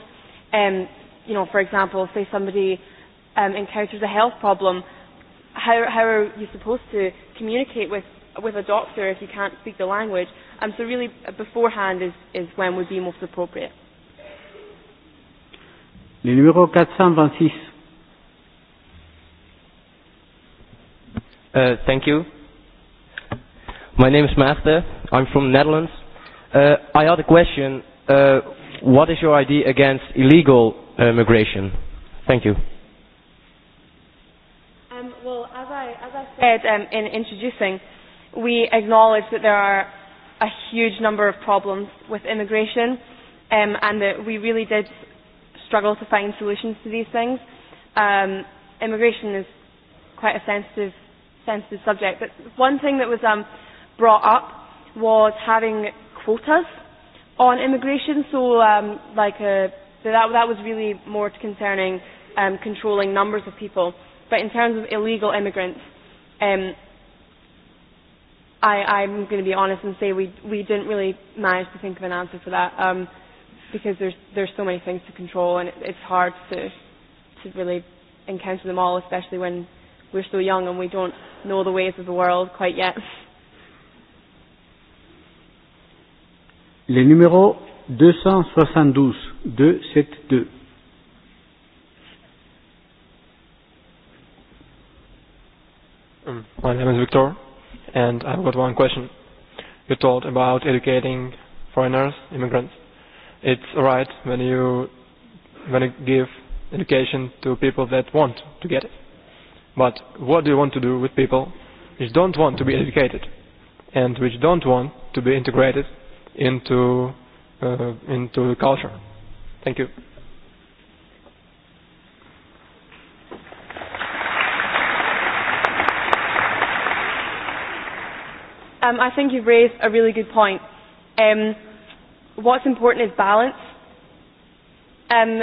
um, you know for example say somebody um, encounters a health problem, how, how are you supposed to communicate with, with a doctor if you can't speak the language? Um, so really, uh, beforehand is, is when would be most appropriate. Le numéro 426. Uh, thank you. My name is Master. I'm from Netherlands. Uh, I had a question. Uh, what is your idea against illegal uh, immigration? Thank you. said um, in introducing, we acknowledge that there are a huge number of problems with immigration um, and that we really did struggle to find solutions to these things. Um, immigration is quite a sensitive, sensitive subject. But one thing that was um, brought up was having quotas on immigration. So um, like a, uh, so that, that was really more concerning um, controlling numbers of people. But in terms of illegal immigrants, um, I, I'm going to be honest and say we, we didn't really manage to think of an answer for that um, because there's, there's so many things to control and it, it's hard to, to really encounter them all, especially when we're so young and we don't know the ways of the world quite yet. Les numéros 272, 272. Um, my name is Victor, and I have got one question. You told about educating foreigners, immigrants. It's right when you when you give education to people that want to get it. But what do you want to do with people which don't want to be educated and which don't want to be integrated into uh, into the culture? Thank you. um, I think you've raised a really good point. Um, what's important is balance. Um,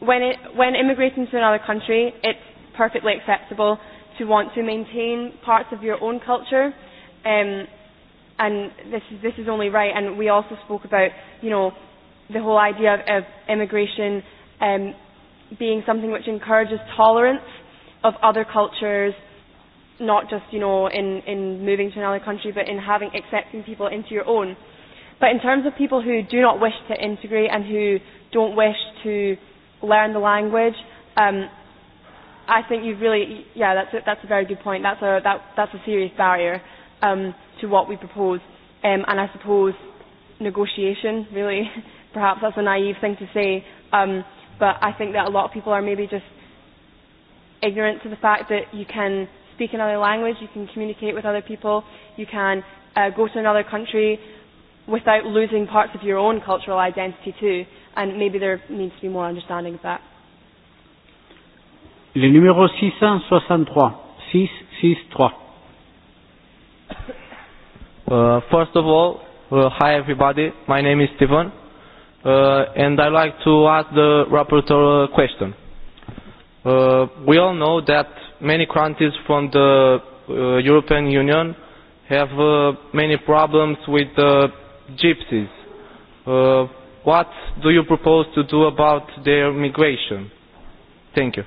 when, it, when immigrating to another country, it's perfectly acceptable to want to maintain parts of your own culture. Um, and this is, this is only right. And we also spoke about, you know, the whole idea of, of immigration um, being something which encourages tolerance of other cultures not just you know in, in moving to another country but in having accepting people into your own but in terms of people who do not wish to integrate and who don't wish to learn the language um, I think you've really yeah that's a, that's a very good point that's a that, that's a serious barrier um, to what we propose um, and I suppose negotiation really perhaps that's a naive thing to say um, but I think that a lot of people are maybe just ignorant to the fact that you can speak another language, you can communicate with other people, you can uh, go to another country without losing parts of your own cultural identity too, and maybe there needs to be more understanding of that. Le numéro 663. Uh, first of all, uh, hi everybody, my name is Stephen, uh, and I'd like to ask the rapporteur a question. Uh, we all know that many countries from the uh, European Union have uh, many problems with the uh, gypsies. Uh, what do you propose to do about their migration? Thank you.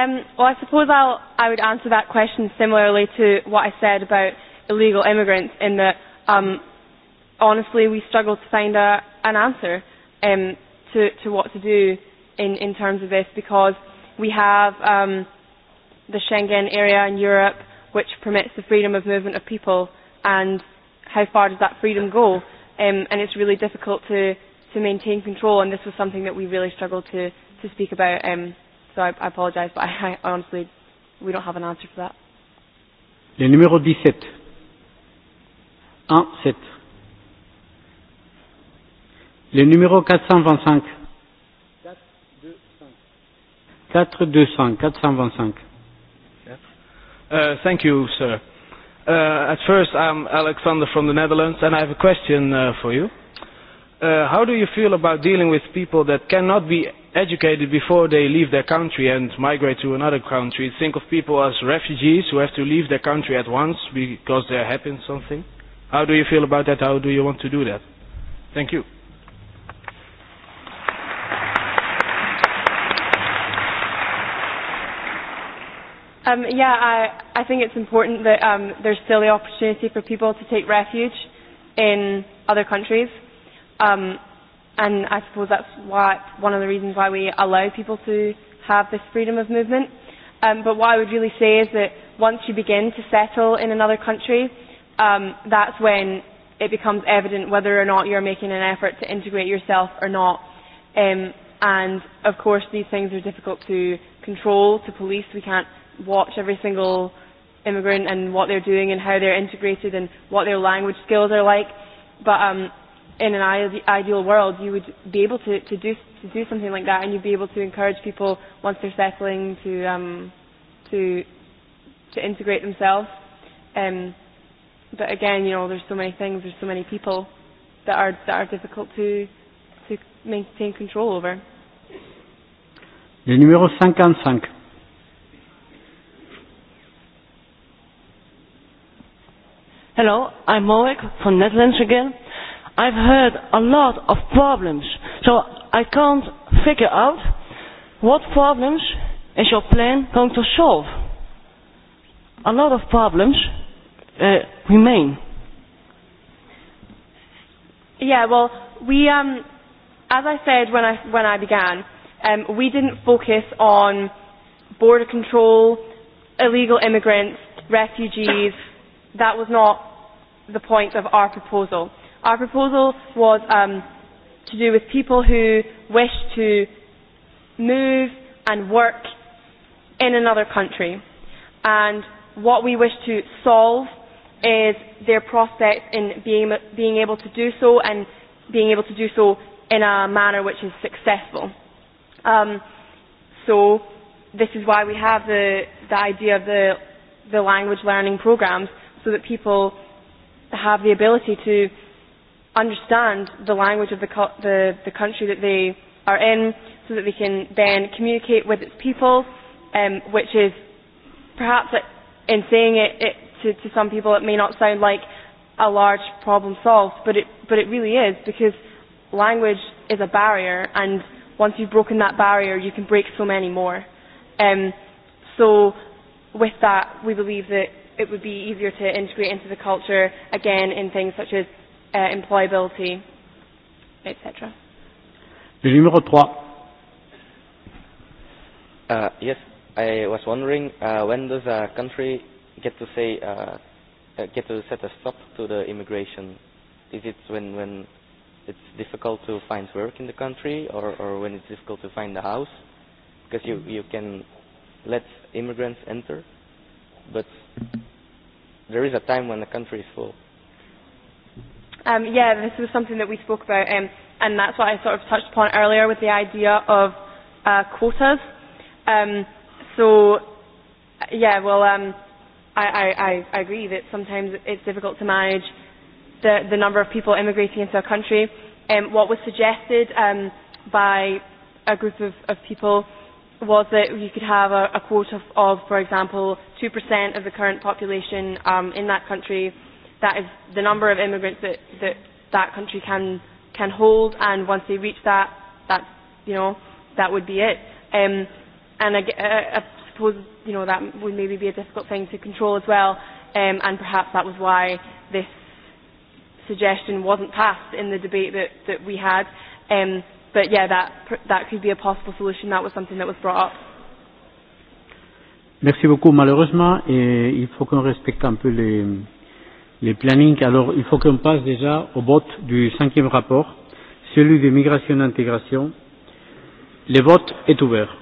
Um, well, I suppose I'll, I would answer that question similarly to what I said about illegal immigrants, in that um, honestly, we struggled to find a, an answer um, to, to what to do in, in terms of this because we have um, the Schengen area in Europe which permits the freedom of movement of people and how far does that freedom go? Um, and it's really difficult to, to maintain control and this was something that we really struggled to, to speak about. Um, so I, I apologize, but I, I honestly, we don't have an answer for that. Le numéro 17. 1, 7. Le numéro 425. 425. 425. Yeah. Uh, thank you, sir. Uh, at first, I'm Alexander from the Netherlands, and I have a question uh, for you. Uh, how do you feel about dealing with people that cannot be educated before they leave their country and migrate to another country? Think of people as refugees who have to leave their country at once because there happens something. How do you feel about that? How do you want to do that? Thank you. Um, yeah, I, I think it's important that um, there's still the opportunity for people to take refuge in other countries. Um, and I suppose that's why, one of the reasons why we allow people to have this freedom of movement. Um, but what I would really say is that once you begin to settle in another country, um, that's when it becomes evident whether or not you're making an effort to integrate yourself or not. Um, and of course, these things are difficult to control, to police. We can't watch every single immigrant and what they're doing and how they're integrated and what their language skills are like. But um, in an ideal world, you would be able to, to, do, to do something like that and you'd be able to encourage people once they're settling to, um, to, to integrate themselves. Um, but again, you know, there's so many things, there's so many people that are, that are difficult to, to maintain control over. Le numéro 55. Hello, I'm Moek from Netherlands again. I've heard a lot of problems, so I can't figure out what problems is your plan going to solve. A lot of problems uh, remain. Yeah, well, we, um, as I said when I, when I began, um, we didn't focus on border control, illegal immigrants, refugees. That was not the point of our proposal. Our proposal was um, to do with people who wish to move and work in another country. And what we wish to solve is their prospects in being, being able to do so and being able to do so in a manner which is successful. Um, so this is why we have the, the idea of the, the language learning programs, so that people have the ability to understand the language of the, co- the, the country that they are in so that they can then communicate with its people, um, which is perhaps in saying it, it to, to some people, it may not sound like a large problem solved, but it, but it really is because language is a barrier, and once you've broken that barrier, you can break so many more. Um, so, with that, we believe that it would be easier to integrate into the culture, again, in things such as uh, employability, etc. Numéro 3. Uh, yes, I was wondering uh, when does a country get to, say, uh, uh, get to set a stop to the immigration? Is it when, when it's difficult to find work in the country or, or when it's difficult to find a house? Because you, you can let immigrants enter? but there is a time when the country is full. Um, yeah, this was something that we spoke about, um, and that's what I sort of touched upon earlier with the idea of uh, quotas. Um, so, yeah, well, um, I, I, I agree that sometimes it's difficult to manage the, the number of people immigrating into a country. Um, what was suggested um, by a group of, of people was that we could have a, a quota of, of, for example, 2% of the current population um, in that country. That is the number of immigrants that that, that country can, can hold, and once they reach that, that, you know, that would be it. Um, and I, uh, uh, I suppose you know, that would maybe be a difficult thing to control as well, um, and perhaps that was why this suggestion wasn't passed in the debate that, that we had. Um, but yeah, that that could be a possible solution. That was something that was brought up. Merci beaucoup. Malheureusement, et il faut qu'on respecte un peu les, les plannings. Alors, il faut qu'on passe déjà au vote du cinquième rapport, celui de migration et intégration. Le vote est ouvert.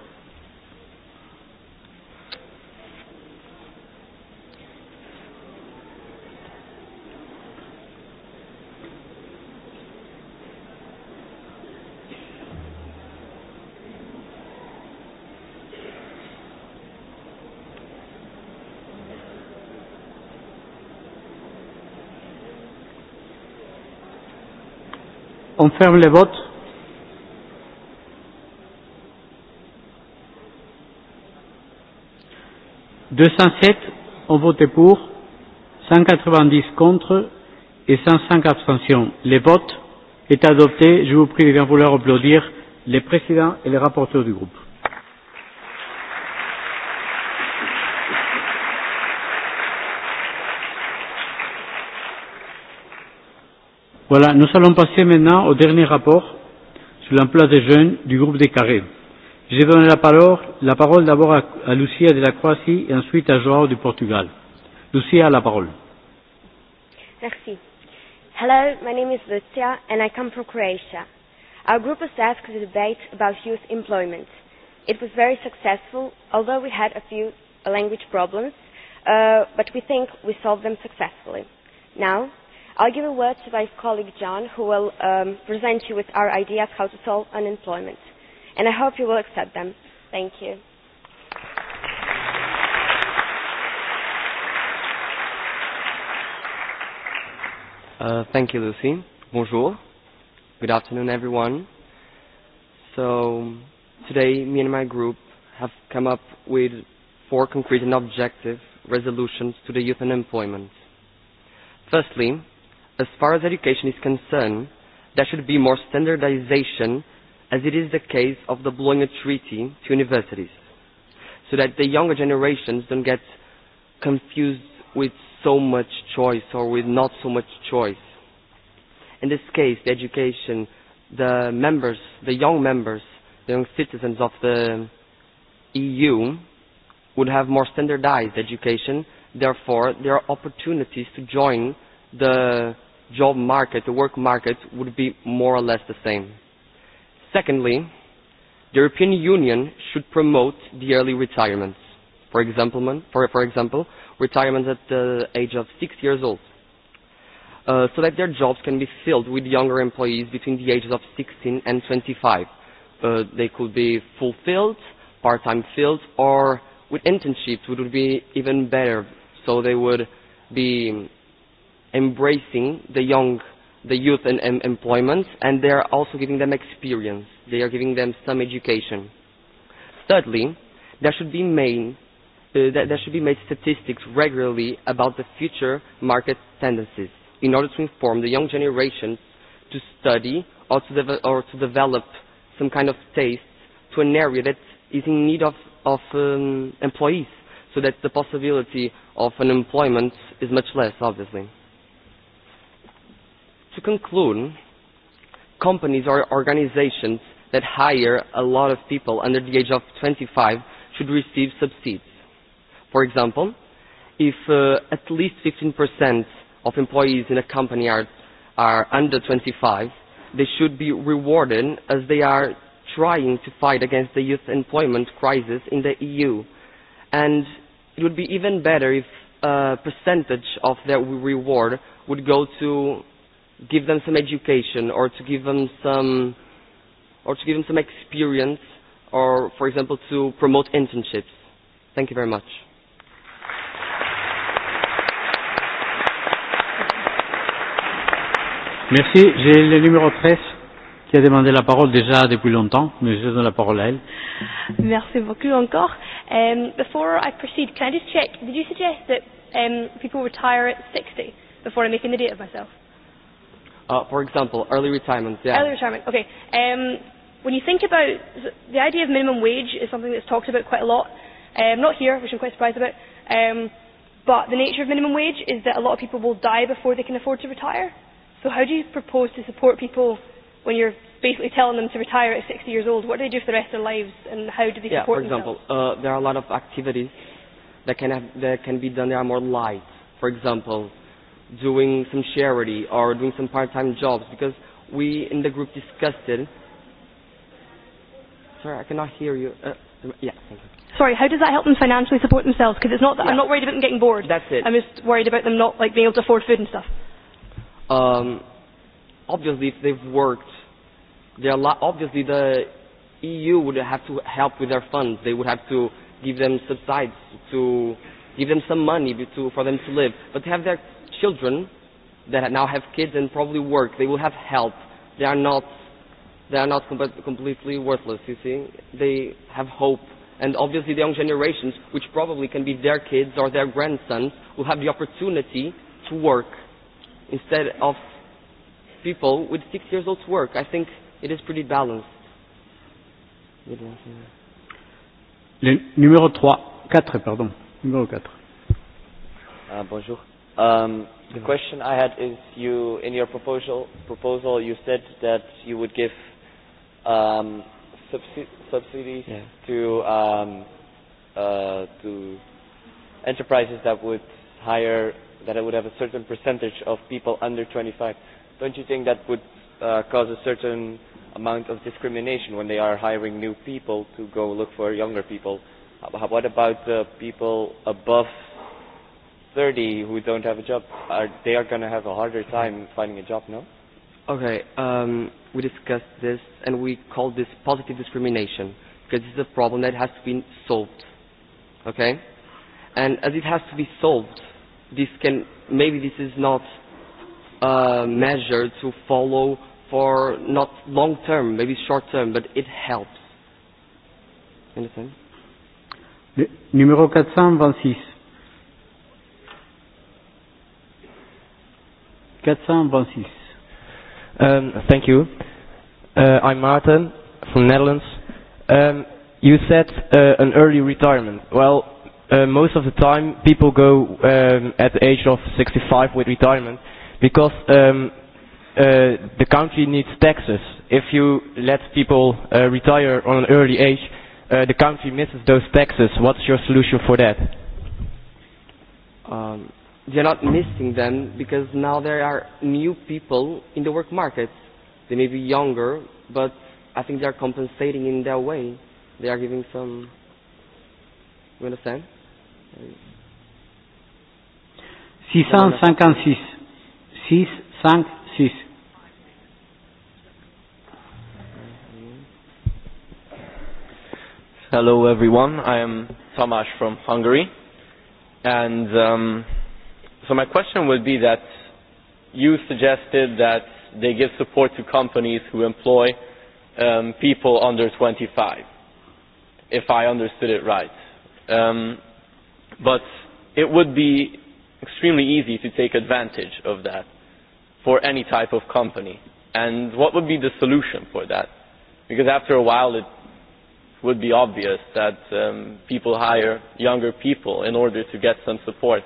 on ferme les votes. Deux cent sept ont voté pour, cent quatre-vingt-dix contre et cent cinq abstentions. Les votes est adopté. Je vous prie de bien vouloir applaudir les présidents et les rapporteurs du groupe. Voilà, nous allons passer maintenant au dernier rapport sur l'emploi des jeunes du groupe des carrés. J'ai donné la parole, la parole d'abord à, à Lucia de la Croatie et ensuite à Joao du Portugal. Lucia a la parole. Merci. Hello, my name is Lucia and I come from Croatia. Our group has asked the debate about youth employment. It was very successful, although we had a few language problems, uh, but we think we solved them successfully. Now, I'll give a word to my colleague John, who will um, present you with our idea of how to solve unemployment. And I hope you will accept them. Thank you. Uh, thank you, Lucy. Bonjour. Good afternoon, everyone. So, today, me and my group have come up with four concrete and objective resolutions to the youth unemployment. Firstly, as far as education is concerned, there should be more standardization, as it is the case of the Bologna Treaty, to universities, so that the younger generations don't get confused with so much choice or with not so much choice. In this case, the education, the members, the young members, the young citizens of the EU would have more standardized education, therefore, there are opportunities to join the job market, the work market, would be more or less the same. Secondly, the European Union should promote the early retirements. For example, for, for example retirement at the age of six years old. Uh, so that their jobs can be filled with younger employees between the ages of 16 and 25. Uh, they could be fulfilled, part-time filled, or with internships, which would be even better, so they would be embracing the young, the youth and um, employment, and they are also giving them experience. They are giving them some education. Thirdly, there should be main, uh, there should be made statistics regularly about the future market tendencies in order to inform the young generation to study or to, de- or to develop some kind of taste to an area that is in need of, of um, employees so that the possibility of unemployment is much less, obviously to conclude, companies or organizations that hire a lot of people under the age of 25 should receive subsidies. For example, if uh, at least 15% of employees in a company are, are under 25, they should be rewarded as they are trying to fight against the youth employment crisis in the EU. And it would be even better if a uh, percentage of their reward would go to give them some education or to give them some or to give them some experience or for example to promote internships thank you very much merci j'ai le numéro 13 qui a demandé la parole déjà depuis longtemps mais je donne la parole à elle merci beaucoup encore um, before i proceed can i just check did you suggest that um, people retire at 60 before i make an idiot of myself Uh, for example, early retirement. Yeah. Early retirement. Okay. Um, when you think about the idea of minimum wage, is something that's talked about quite a lot. Um, not here, which I'm quite surprised about. Um, but the nature of minimum wage is that a lot of people will die before they can afford to retire. So how do you propose to support people when you're basically telling them to retire at 60 years old? What do they do for the rest of their lives, and how do they yeah, support for example, themselves? Uh, there are a lot of activities that can, have, that can be done. There are more light. For example, doing some charity or doing some part-time jobs because we in the group discussed it. Sorry, I cannot hear you. Uh, yeah, thank you. Sorry, how does that help them financially support themselves? Because it's not that yeah. I'm not worried about them getting bored. That's it. I'm just worried about them not like being able to afford food and stuff. Um, obviously, if they've worked, they're a lot, obviously the EU would have to help with their funds. They would have to give them subsides to give them some money to, for them to live. But to have their children that now have kids and probably work, they will have help. They are not, they are not com completely worthless, you see. They have hope. And obviously the young generations, which probably can be their kids or their grandsons, will have the opportunity to work instead of people with six years old to work. I think it is pretty balanced. Le numéro 3, 4, pardon. Numéro 4. Ah, bonjour. Um, the question I had is you in your proposal proposal you said that you would give um, subsi subsidies yeah. to um, uh, to enterprises that would hire that it would have a certain percentage of people under 25 don't you think that would uh, cause a certain amount of discrimination when they are hiring new people to go look for younger people how, what about the people above 30 who don't have a job, are, they are going to have a harder time finding a job, no? Okay, um, we discussed this and we called this positive discrimination because this is a problem that has to be solved, okay? And as it has to be solved, this can, maybe this is not a uh, measure to follow for not long term, maybe short term, but it helps. Understand? Numéro 426. 426. Um, thank you. Uh, I'm Maarten from Netherlands. Um, you said uh, an early retirement. Well, uh, most of the time people go um, at the age of 65 with retirement because um, uh, the country needs taxes. If you let people uh, retire on an early age, uh, the country misses those taxes. What's your solution for that? Um, they're not missing them because now there are new people in the work market. They may be younger, but I think they're compensating in their way. They are giving some... You understand? 656. 656. Hello everyone, I am Tamás from Hungary and um, So my question would be that you suggested that they give support to companies who employ um, people under 25, if I understood it right. Um, but it would be extremely easy to take advantage of that for any type of company. And what would be the solution for that? Because after a while it would be obvious that um, people hire younger people in order to get some support.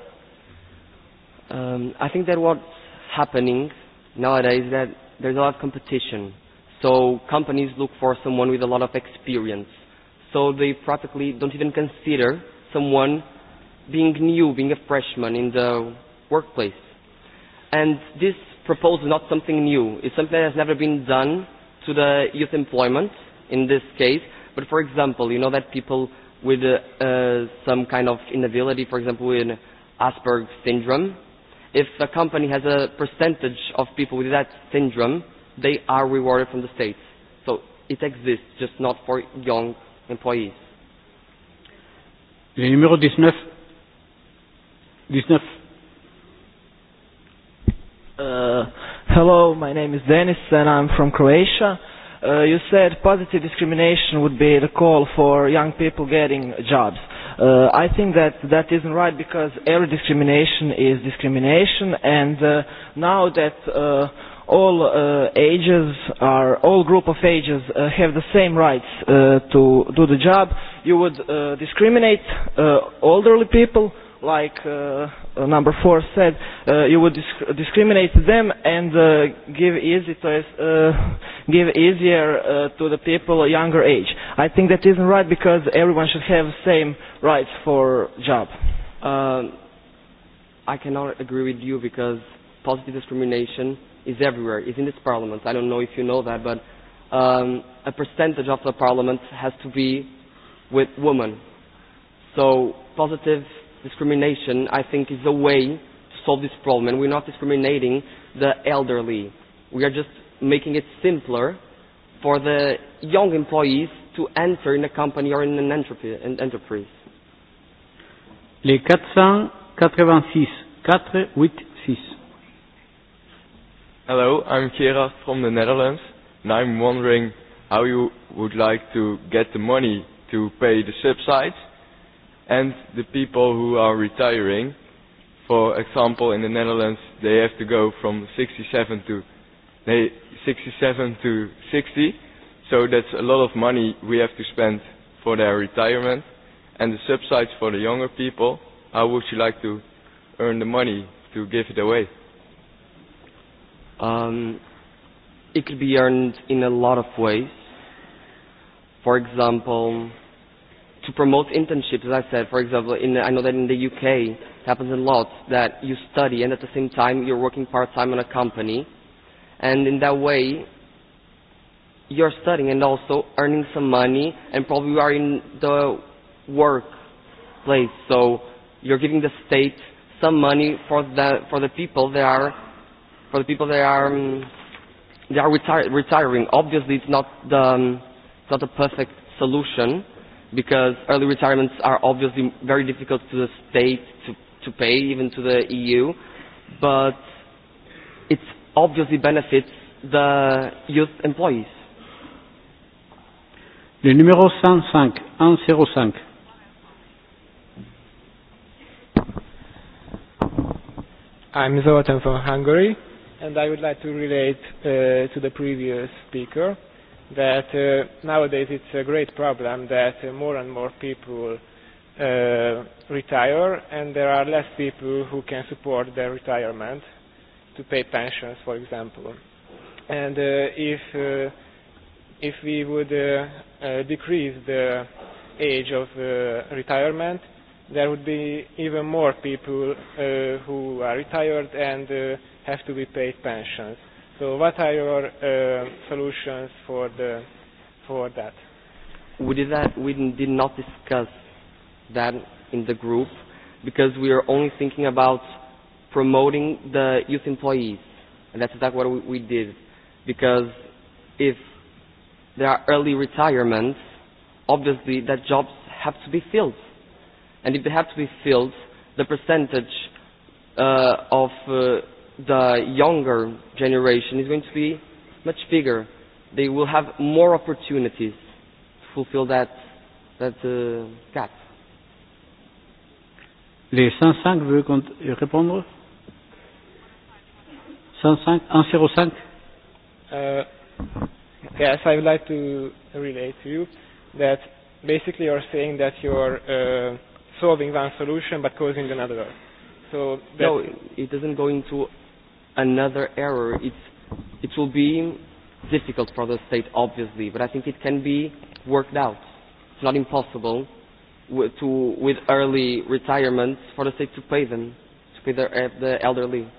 Um, I think that what's happening nowadays is that there's a lot of competition. So companies look for someone with a lot of experience. So they practically don't even consider someone being new, being a freshman in the workplace. And this proposal is not something new. It's something that has never been done to the youth employment in this case. But for example, you know that people with uh, uh, some kind of inability, for example, in Asperger's syndrome, if a company has a percentage of people with that syndrome, they are rewarded from the state. So it exists, just not for young employees. Le numéro 19. 19. Uh, hello, my name is Denis and I'm from Croatia. Uh, you said positive discrimination would be the call for young people getting jobs uh, I think that that isn't right because every discrimination is discrimination and uh, now that uh, all uh, ages are, all group of ages uh, have the same rights uh, to do the job, you would uh, discriminate uh, elderly people like uh, number four said, uh, you would disc discriminate them and uh, give, easy to, uh, give easier uh, to the people a younger age. I think that isn't right because everyone should have the same rights for job. Uh, I cannot agree with you because positive discrimination is everywhere, is in this parliament. I don't know if you know that, but um, a percentage of the parliament has to be with women. So positive discrimination, I think, is a way to solve this problem. And we're not discriminating the elderly. We are just making it simpler for the young employees to enter in a company or in an, entropy, an enterprise. Les 486, 486. Hello, I'm Gerard from the Netherlands, and I'm wondering how you would like to get the money to pay the subsides and the people who are retiring. For example, in the Netherlands, they have to go from 67 to they, 67 to 60, so that's a lot of money we have to spend for their retirement. And the subsides for the younger people, how would you like to earn the money to give it away? Um, it could be earned in a lot of ways. For example, to promote internships, as I said, for example, in the, I know that in the UK it happens a lot that you study and at the same time you're working part time on a company. And in that way, you're studying and also earning some money, and probably you are in the workplace. So you're giving the state some money for the, for the people that are, for the people that are, um, they are retire, retiring. Obviously, it's not the, um, it's not the perfect solution because early retirements are obviously very difficult to the state to, to pay, even to the EU, but it obviously benefits the youth employees. Le numéro 105, 105. I'm Zoltan from Hungary, and I would like to relate uh, to the previous speaker that uh, nowadays it's a great problem that uh, more and more people uh, retire and there are less people who can support their retirement to pay pensions, for example. And uh, if, uh, if we would uh, uh, decrease the age of uh, retirement, there would be even more people uh, who are retired and uh, have to be paid pensions. So what are your uh, solutions for the for that? We did that. We did not discuss that in the group because we are only thinking about promoting the youth employees, and that's exactly what we, we did. Because if there are early retirements, obviously that jobs have to be filled, and if they have to be filled, the percentage uh, of uh, the younger generation is going to be much bigger. They will have more opportunities to fulfill that, that uh, gap. Les 105, vous voulez répondre 105, 105 uh, Yes, I would like to relate to you that basically you are saying that you are uh, solving one solution but causing another. So no, it doesn't go into another error, it's, it will be difficult for the state, obviously, but I think it can be worked out. It's not impossible with, to, with early retirement for the state to pay them, to pay their, uh, the elderly.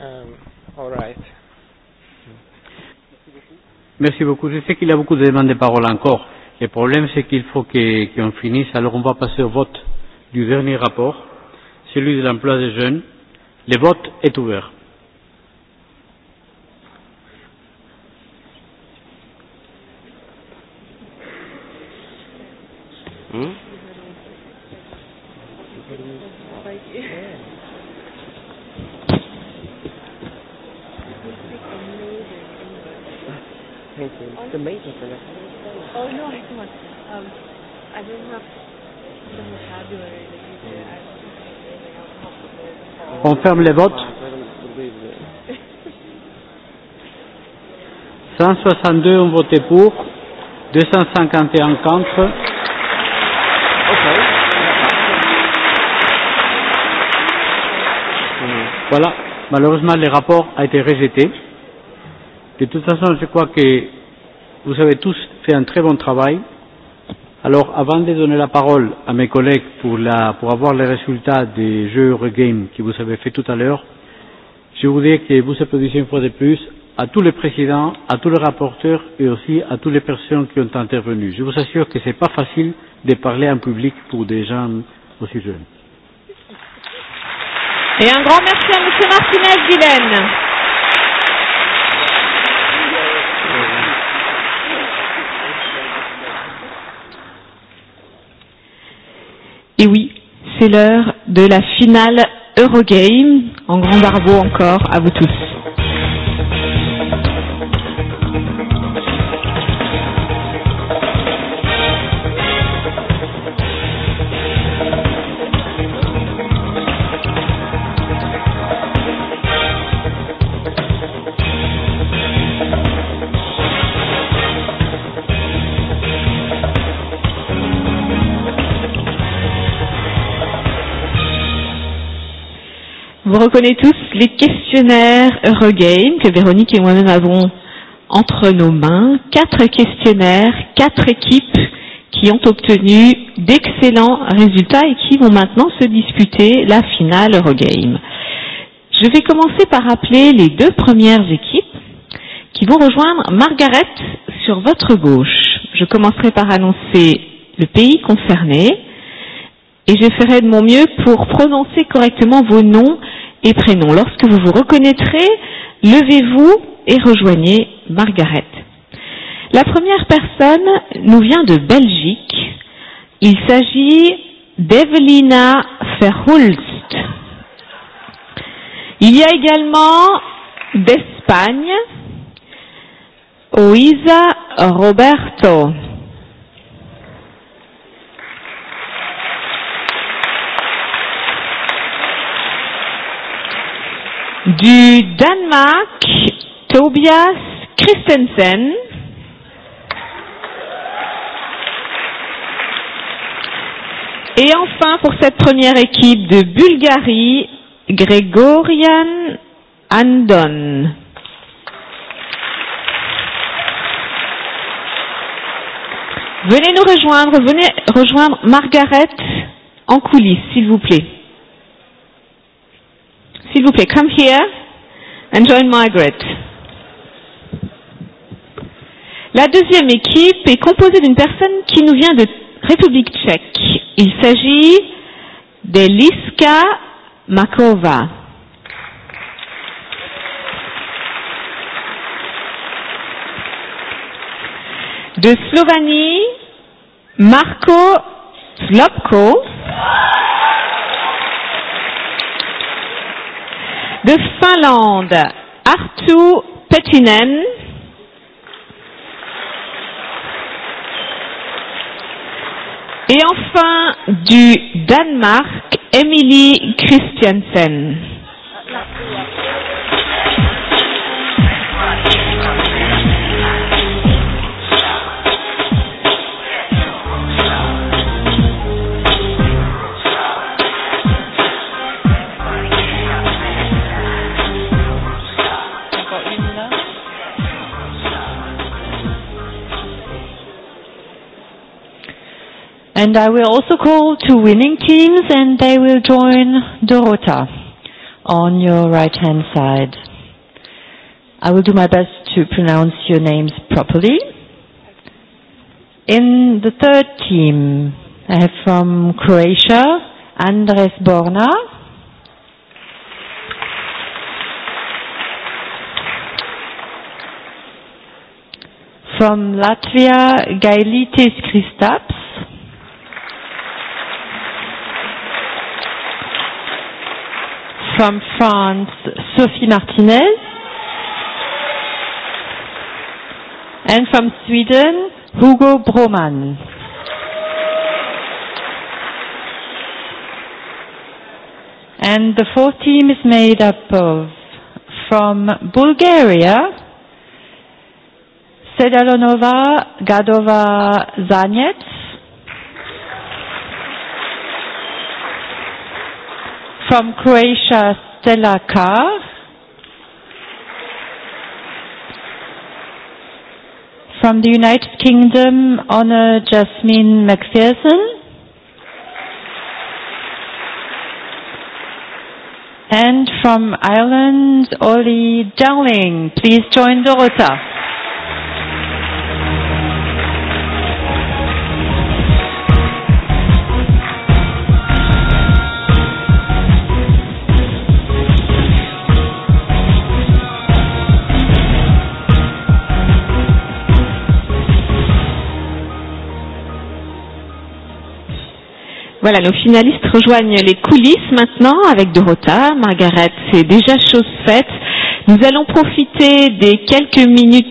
Um, all right. Merci beaucoup. Je sais qu'il y a beaucoup de demandes de parole encore. Le problème, c'est qu'il faut qu'on qu finisse. Alors, on va passer au vote du dernier rapport celui de l'emploi des jeunes. Le vote est ouvert. Hmm? Oh no, um, I don't have the vocabulary that you can ask. On ferme les votes. 162 ont voté pour, 251 contre. Okay. Voilà, malheureusement, le rapport a été rejeté. De toute façon, je crois que vous avez tous fait un très bon travail. Alors, avant de donner la parole à mes collègues pour, la, pour avoir les résultats des jeux Eurogame que vous avez fait tout à l'heure, je voudrais que vous applaudissiez une fois de plus à tous les présidents, à tous les rapporteurs et aussi à toutes les personnes qui ont intervenu. Je vous assure que ce n'est pas facile de parler en public pour des gens aussi jeunes. Et un grand merci à M. Martinez-Guilaine. Et oui, c'est l'heure de la finale Eurogame. En grand barbeau encore à vous tous. On reconnaît tous les questionnaires Eurogame que Véronique et moi-même avons entre nos mains. Quatre questionnaires, quatre équipes qui ont obtenu d'excellents résultats et qui vont maintenant se disputer la finale Eurogame. Je vais commencer par appeler les deux premières équipes qui vont rejoindre Margaret sur votre gauche. Je commencerai par annoncer le pays concerné et je ferai de mon mieux pour prononcer correctement vos noms et prénom. Lorsque vous vous reconnaîtrez, levez-vous et rejoignez Margaret. La première personne nous vient de Belgique. Il s'agit d'Evelina Verhulst. Il y a également d'Espagne, Oisa Roberto. du Danemark, Tobias Christensen. Et enfin, pour cette première équipe de Bulgarie, Grégorian Andon. Venez nous rejoindre, venez rejoindre Margaret en coulisses, s'il vous plaît. S'il vous plaît, come here and join Margaret. La deuxième équipe est composée d'une personne qui nous vient de République tchèque. Il s'agit d'Eliska Makova. De Slovanie, Marco Slopko. de Finlande, Artu Petinen. Et enfin, du Danemark, Emily Christiansen. And I will also call two winning teams and they will join Dorota on your right hand side. I will do my best to pronounce your names properly. In the third team, I have from Croatia, Andres Borna. From Latvia, Gailitis Kristaps. from France, Sophie Martinez. And from Sweden, Hugo Broman. And the fourth team is made up of from Bulgaria, Sedalonova Gadova Zanets. from Croatia, Stella Carr. From the United Kingdom, Honor Jasmine McPherson. And from Ireland, Ollie Dowling. Please join Dorota. Voilà, nos finalistes rejoignent les coulisses maintenant avec Dorota. Margaret, c'est déjà chose faite. Nous allons profiter des quelques minutes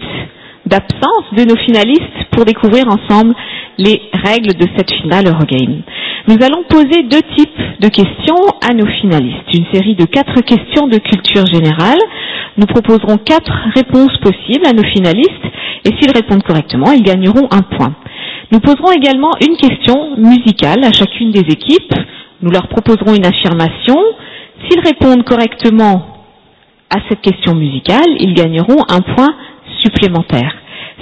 d'absence de nos finalistes pour découvrir ensemble les règles de cette finale Eurogame. Nous allons poser deux types de questions à nos finalistes. Une série de quatre questions de culture générale. Nous proposerons quatre réponses possibles à nos finalistes et s'ils répondent correctement, ils gagneront un point. Nous poserons également une question musicale à chacune des équipes. Nous leur proposerons une affirmation. S'ils répondent correctement à cette question musicale, ils gagneront un point supplémentaire.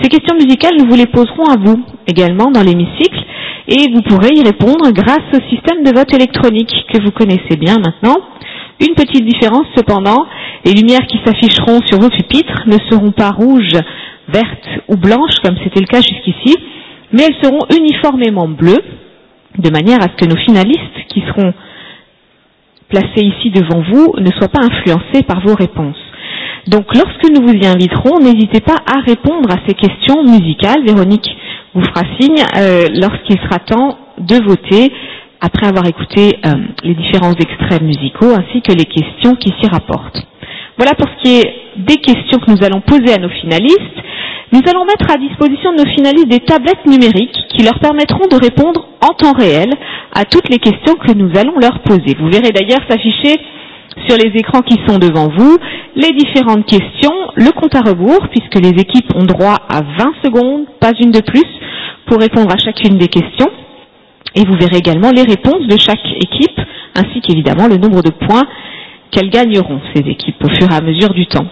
Ces questions musicales, nous vous les poserons à vous également dans l'hémicycle et vous pourrez y répondre grâce au système de vote électronique que vous connaissez bien maintenant. Une petite différence cependant, les lumières qui s'afficheront sur vos pupitres ne seront pas rouges, vertes ou blanches comme c'était le cas jusqu'ici mais elles seront uniformément bleues, de manière à ce que nos finalistes, qui seront placés ici devant vous, ne soient pas influencés par vos réponses. Donc lorsque nous vous y inviterons, n'hésitez pas à répondre à ces questions musicales. Véronique vous fera signe euh, lorsqu'il sera temps de voter, après avoir écouté euh, les différents extraits musicaux, ainsi que les questions qui s'y rapportent. Voilà pour ce qui est des questions que nous allons poser à nos finalistes. Nous allons mettre à disposition de nos finalistes des tablettes numériques qui leur permettront de répondre en temps réel à toutes les questions que nous allons leur poser. Vous verrez d'ailleurs s'afficher sur les écrans qui sont devant vous les différentes questions, le compte à rebours, puisque les équipes ont droit à 20 secondes, pas une de plus, pour répondre à chacune des questions. Et vous verrez également les réponses de chaque équipe, ainsi qu'évidemment le nombre de points qu'elles gagneront, ces équipes, au fur et à mesure du temps.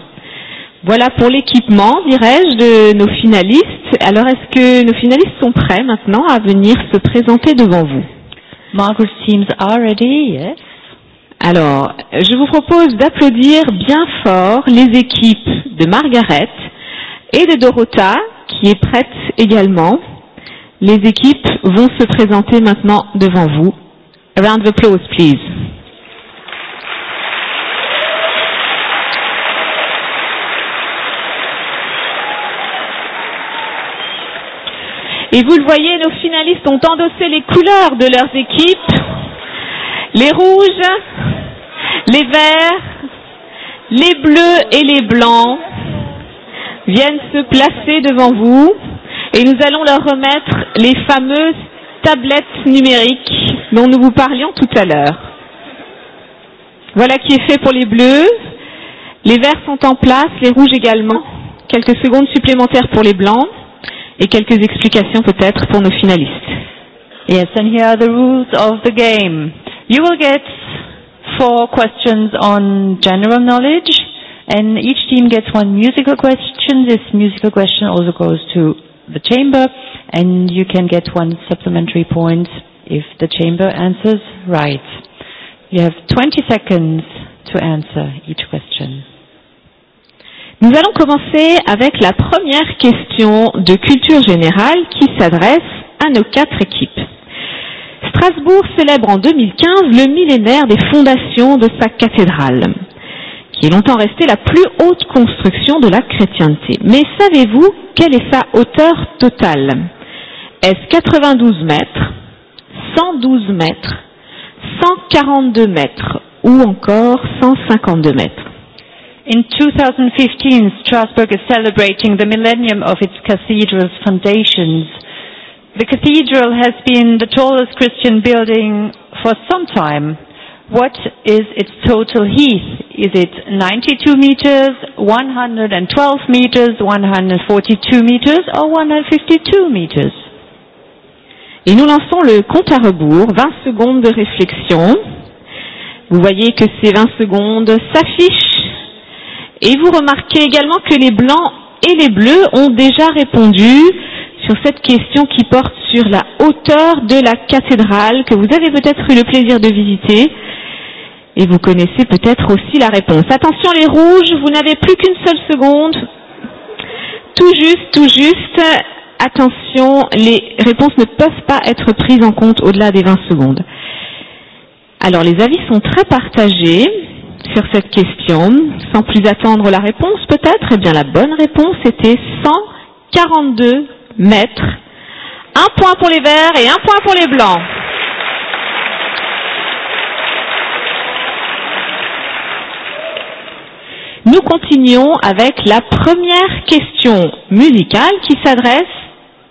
Voilà pour l'équipement, dirais-je, de nos finalistes. Alors, est-ce que nos finalistes sont prêts maintenant à venir se présenter devant vous Margaret seems already, yes. Alors, je vous propose d'applaudir bien fort les équipes de Margaret et de Dorota, qui est prête également. Les équipes vont se présenter maintenant devant vous. A round of applause, please. Et vous le voyez, nos finalistes ont endossé les couleurs de leurs équipes. Les rouges, les verts, les bleus et les blancs viennent se placer devant vous et nous allons leur remettre les fameuses tablettes numériques dont nous vous parlions tout à l'heure. Voilà qui est fait pour les bleus. Les verts sont en place, les rouges également. Quelques secondes supplémentaires pour les blancs et quelques explications peut-être pour nos finalistes. Yes, and here are the rules of the game. You will get four questions on general knowledge, and each team gets one musical question. This musical question also goes to the chamber, and you can get one supplementary point if the chamber answers right. You have 20 seconds to answer each question. Nous allons commencer avec la première question de culture générale qui s'adresse à nos quatre équipes. Strasbourg célèbre en 2015 le millénaire des fondations de sa cathédrale, qui est longtemps restée la plus haute construction de la chrétienté. Mais savez-vous quelle est sa hauteur totale Est-ce 92 mètres 112 mètres 142 mètres ou encore 152 mètres In 2015, Strasbourg is celebrating the millennium of its cathedral's foundations. The cathedral has been the tallest Christian building for some time. What is its total heath? Is it 92 meters, 112 meters, 142 meters, or 152 meters? Et nous lançons le compte à rebours, 20 secondes de réflexion. Vous voyez que ces 20 secondes s'affichent Et vous remarquez également que les blancs et les bleus ont déjà répondu sur cette question qui porte sur la hauteur de la cathédrale que vous avez peut-être eu le plaisir de visiter. Et vous connaissez peut-être aussi la réponse. Attention les rouges, vous n'avez plus qu'une seule seconde. Tout juste, tout juste. Attention, les réponses ne peuvent pas être prises en compte au-delà des 20 secondes. Alors les avis sont très partagés sur cette question, sans plus attendre la réponse peut-être, eh bien la bonne réponse était 142 mètres. Un point pour les verts et un point pour les blancs. Nous continuons avec la première question musicale qui s'adresse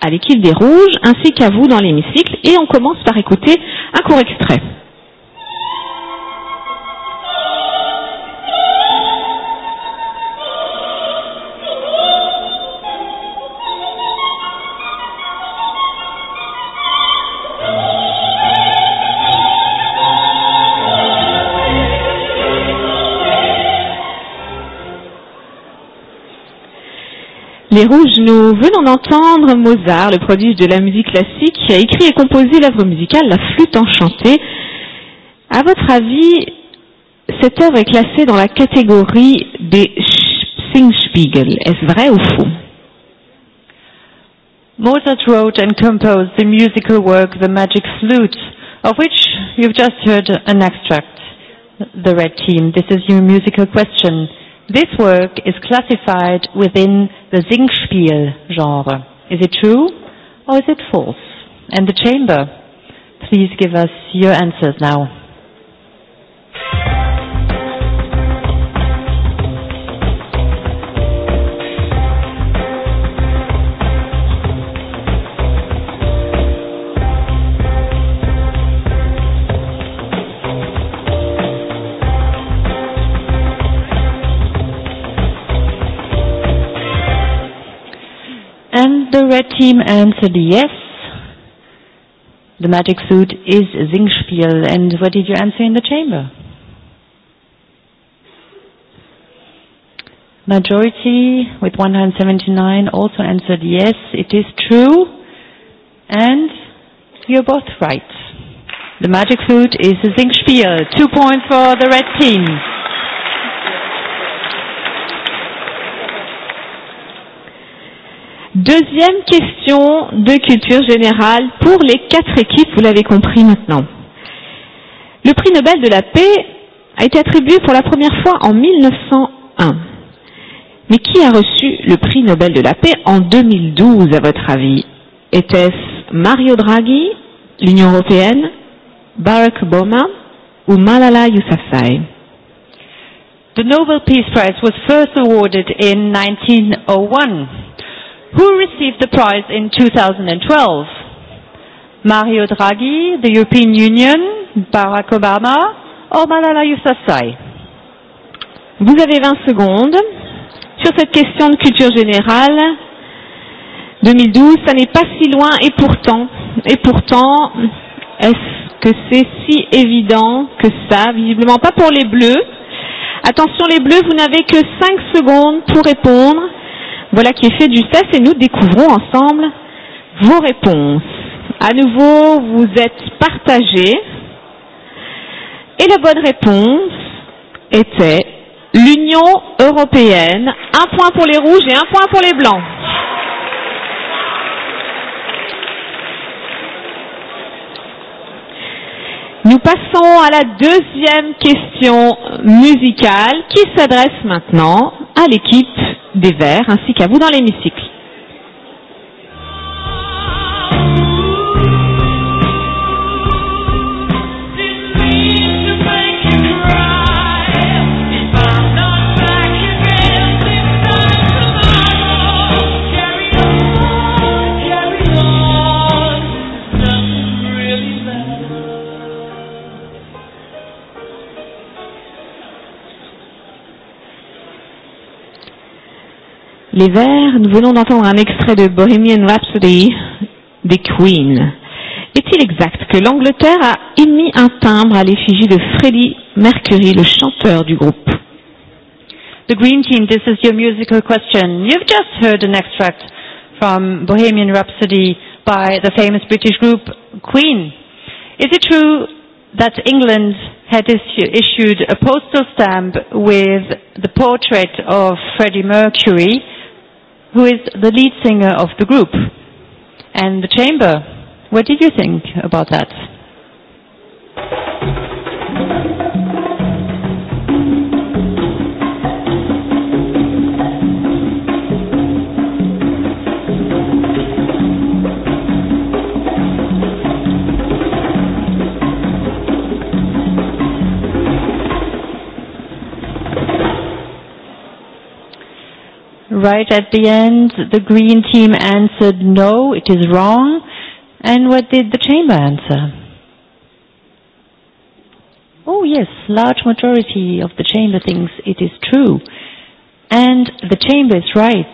à l'équipe des rouges ainsi qu'à vous dans l'hémicycle et on commence par écouter un court extrait. Les Rouges, nous venons d'entendre Mozart, le prodige de la musique classique, qui a écrit et composé l'œuvre musicale La Flûte Enchantée. À votre avis, cette œuvre est classée dans la catégorie des Singspiegel. Est-ce vrai ou faux Mozart wrote and composed the musical work The Magic Flute, of which you've just heard an extract, The Red Team. This is your musical question. This work is classified within the Singspiel genre. Is it true or is it false? And the chamber, please give us your answers now. the red team answered yes, the magic suit is Singspiel. And what did you answer in the chamber? Majority with 179 also answered yes, it is true. And you're both right. The magic suit is a Singspiel. Two points for the red team. Deuxième question de culture générale pour les quatre équipes, vous l'avez compris maintenant. Le prix Nobel de la paix a été attribué pour la première fois en 1901. Mais qui a reçu le prix Nobel de la paix en 2012, à votre avis Était-ce Mario Draghi, l'Union européenne, Barack Obama ou Malala Yousafzai The Nobel Peace Prize was first awarded in 1901. Who received the prize in 2012? Mario Draghi, the European Union, Barack Obama or Malala Yousafzai? Vous avez 20 secondes. Sur cette question de culture générale, 2012, ça n'est pas si loin et pourtant, et pourtant, est-ce que c'est si évident que ça Visiblement pas pour les bleus. Attention les bleus, vous n'avez que 5 secondes pour répondre. Voilà qui est fait du test et nous découvrons ensemble vos réponses. À nouveau, vous êtes partagés. Et la bonne réponse était l'Union européenne. Un point pour les rouges et un point pour les blancs. Nous passons à la deuxième question musicale qui s'adresse maintenant à l'équipe des verts ainsi qu'à vous dans l'hémicycle. les Verts, nous venons d'entendre un extrait de Bohemian Rhapsody des Queen. Est-il exact que l'Angleterre a émis un timbre à l'effigie de Freddie Mercury, le chanteur du groupe The Green Team, this is your musical question. You've just heard an extract from Bohemian Rhapsody by the famous British group Queen. Is it true that England had issued a postal stamp with the portrait of Freddie Mercury? who is the lead singer of the group and the chamber. What did you think about that? Thank you. right at the end, the green team answered, no, it is wrong. And what did the chamber answer? Oh yes, large majority of the chamber thinks it is true. And the chamber is right.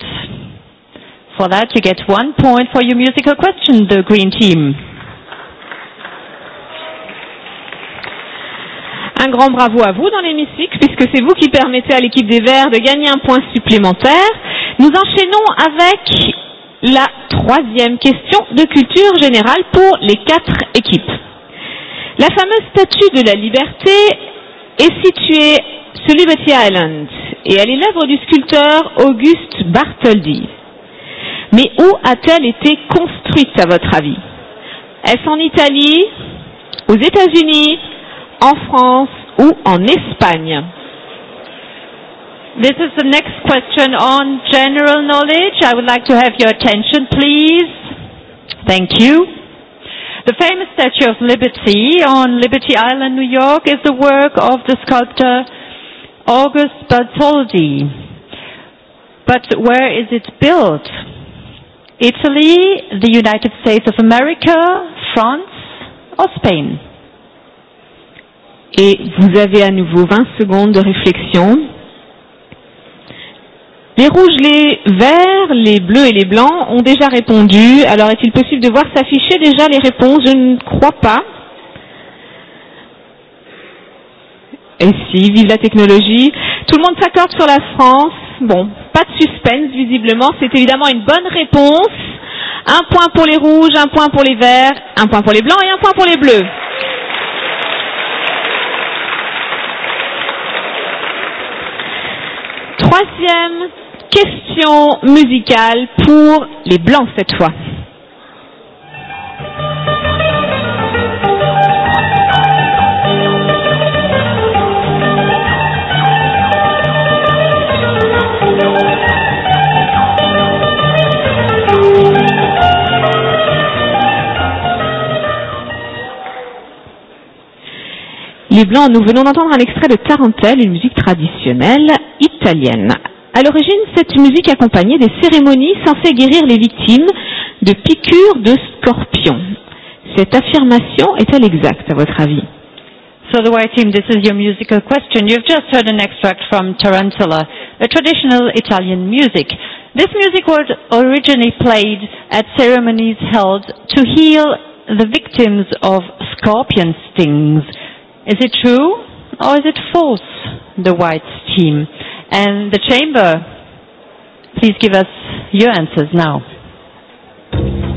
For that you get one point for your musical question, the green team. Un grand bravo à vous dans l'hémicycle, puisque c'est vous qui permettez à l'équipe des Verts de gagner un point supplémentaire. Nous enchaînons avec la troisième question de culture générale pour les quatre équipes. La fameuse statue de la liberté est située sur Liberty Island et elle est l'œuvre du sculpteur Auguste Bartholdi. Mais où a-t-elle été construite, à votre avis Est-ce en Italie Aux États-Unis en France ou en Espagne. This is the next question on general knowledge. I would like to have your attention, please. Thank you. The famous Statue of Liberty on Liberty Island, New York, is the work of the sculptor August Bartholdi. But where is it built? Italy, the United States of America, France, or Spain? Et vous avez à nouveau 20 secondes de réflexion. Les rouges, les verts, les bleus et les blancs ont déjà répondu. Alors est-il possible de voir s'afficher déjà les réponses Je ne crois pas. Et si, vive la technologie. Tout le monde s'accorde sur la France. Bon, pas de suspense visiblement. C'est évidemment une bonne réponse. Un point pour les rouges, un point pour les verts, un point pour les blancs et un point pour les bleus. troisième question musicale pour les blancs cette fois. Les Blancs, nous venons d'entendre un extrait de Tarentelle, une musique traditionnelle italienne. À l'origine, cette musique accompagnait des cérémonies censées guérir les victimes de piqûres de scorpions. Cette affirmation est-elle exacte, à votre avis So the white team, this is your musical question. You've just heard an extract from Tarantula, a traditional Italian music. This music was originally played at ceremonies held to heal the victims of scorpion stings. Is it true or is it false, the white team? And the chamber, please give us your answers now. Thank you.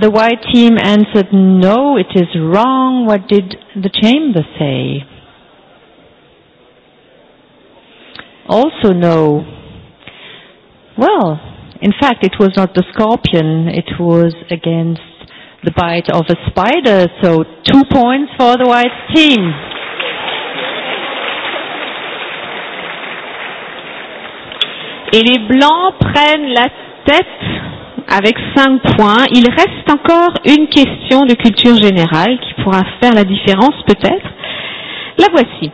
the white team answered, no, it is wrong. What did the chamber say? Also no. Well, in fact, it was not the scorpion. It was against the bite of a spider. So two points for the white team. Et les blancs prennent la tête avec cinq points. Il reste encore une question de culture générale qui pourra faire la différence peut-être. La voici.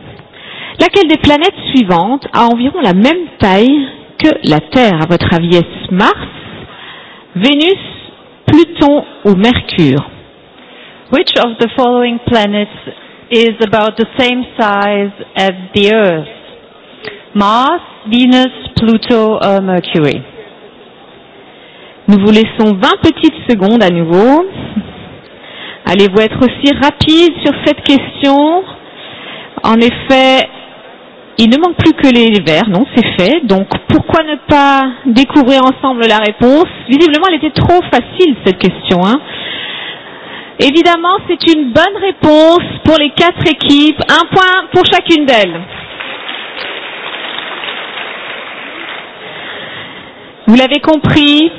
Laquelle des planètes suivantes a environ la même taille que la Terre, à votre avis, est-ce Mars, Vénus, Pluton ou Mercure? Which of the following planets is about the same size as the Earth? Mars, Venus, Pluto or Mercury? Nous vous laissons 20 petites secondes à nouveau. Allez-vous être aussi rapide sur cette question En effet, il ne manque plus que les verres, non, c'est fait. Donc pourquoi ne pas découvrir ensemble la réponse Visiblement, elle était trop facile, cette question. Hein Évidemment, c'est une bonne réponse pour les quatre équipes. Un point pour chacune d'elles. Vous l'avez compris,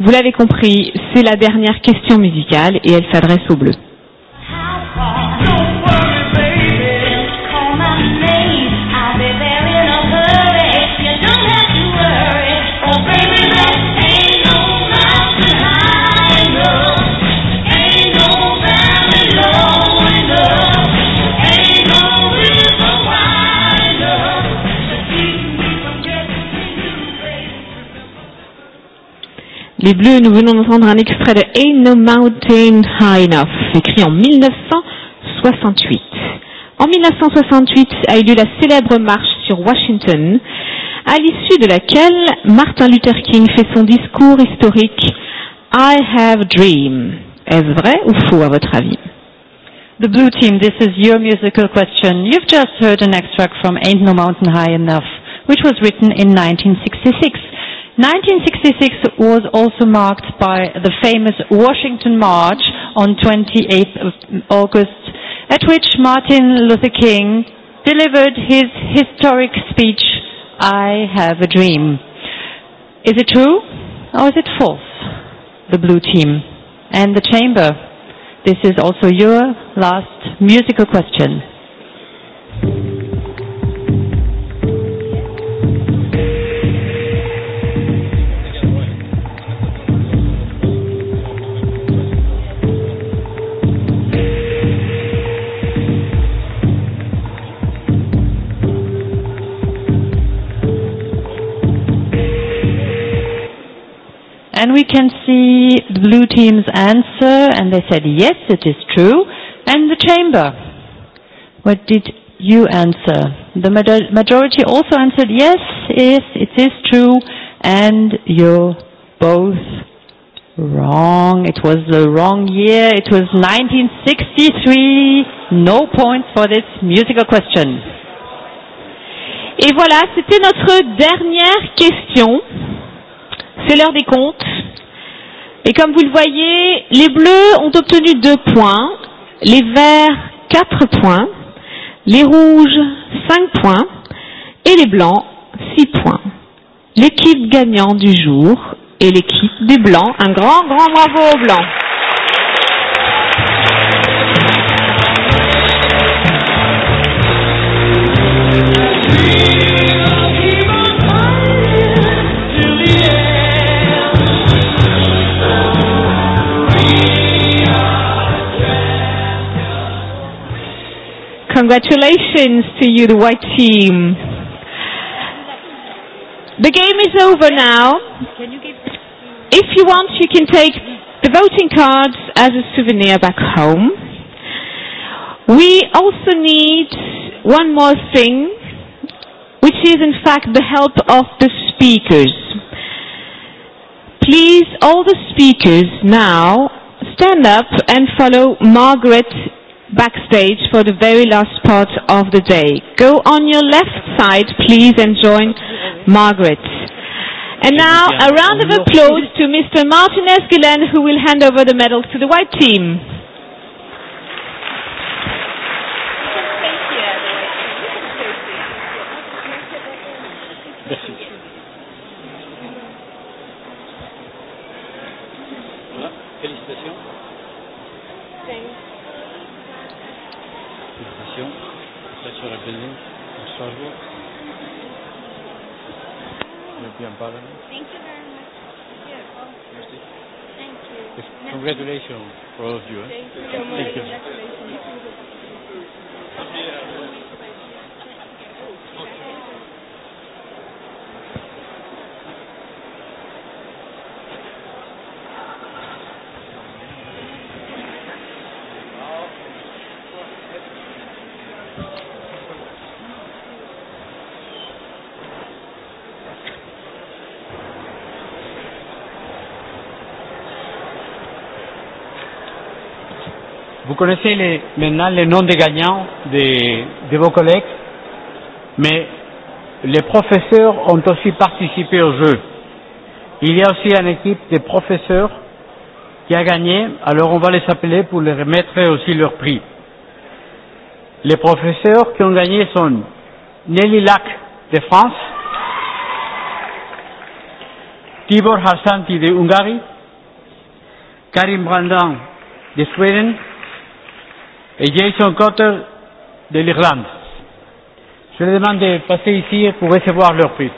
Vous l'avez compris, c'est la dernière question musicale et elle s'adresse au bleu. How far? Les Bleus, nous venons d'entendre un extrait de Ain't No Mountain High Enough, écrit en 1968. En 1968 a eu lieu la célèbre marche sur Washington, à l'issue de laquelle Martin Luther King fait son discours historique I Have a Dream. Est-ce vrai ou faux à votre avis The Blue Team, this is your musical question. You've just heard an extract from Ain't No Mountain High Enough, which was written in 1966. 1966 was also marked by the famous Washington March on 28th of August, at which Martin Luther King delivered his historic speech, I Have a Dream. Is it true or is it false? The Blue Team and the Chamber. This is also your last musical question. Thank you. and we can see the blue team's answer, and they said, yes, it is true. And the chamber, what did you answer? The majority also answered, yes, yes, it is true, and you're both wrong. It was the wrong year. It was 1963. No points for this musical question. Et voilà, c'était notre dernière question c'est l'heure des comptes. Et comme vous le voyez, les bleus ont obtenu 2 points, les verts 4 points, les rouges 5 points et les blancs 6 points. L'équipe gagnant du jour est l'équipe des blancs. Un grand, grand bravo aux blancs. Yeah. Congratulations to you, the white team. The game is over now. If you want, you can take the voting cards as a souvenir back home. We also need one more thing, which is, in fact, the help of the speakers. Please, all the speakers now stand up and follow Margaret backstage for the very last part of the day. Go on your left side, please, and join Margaret. And now, a round of applause to Mr. Martinez Gillen, who will hand over the medals to the white team. Vous connaissez les, maintenant les noms des gagnants de, de vos collègues, mais les professeurs ont aussi participé au jeu. Il y a aussi une équipe de professeurs qui a gagné, alors on va les appeler pour leur remettre aussi leur prix. Les professeurs qui ont gagné sont Nelly Lac de France, Tibor Hassanti de Hongrie, Karim Brandan de Suède, et Jason Cotter de l'Irlande. Je les demande de passer ici pour recevoir leur prix.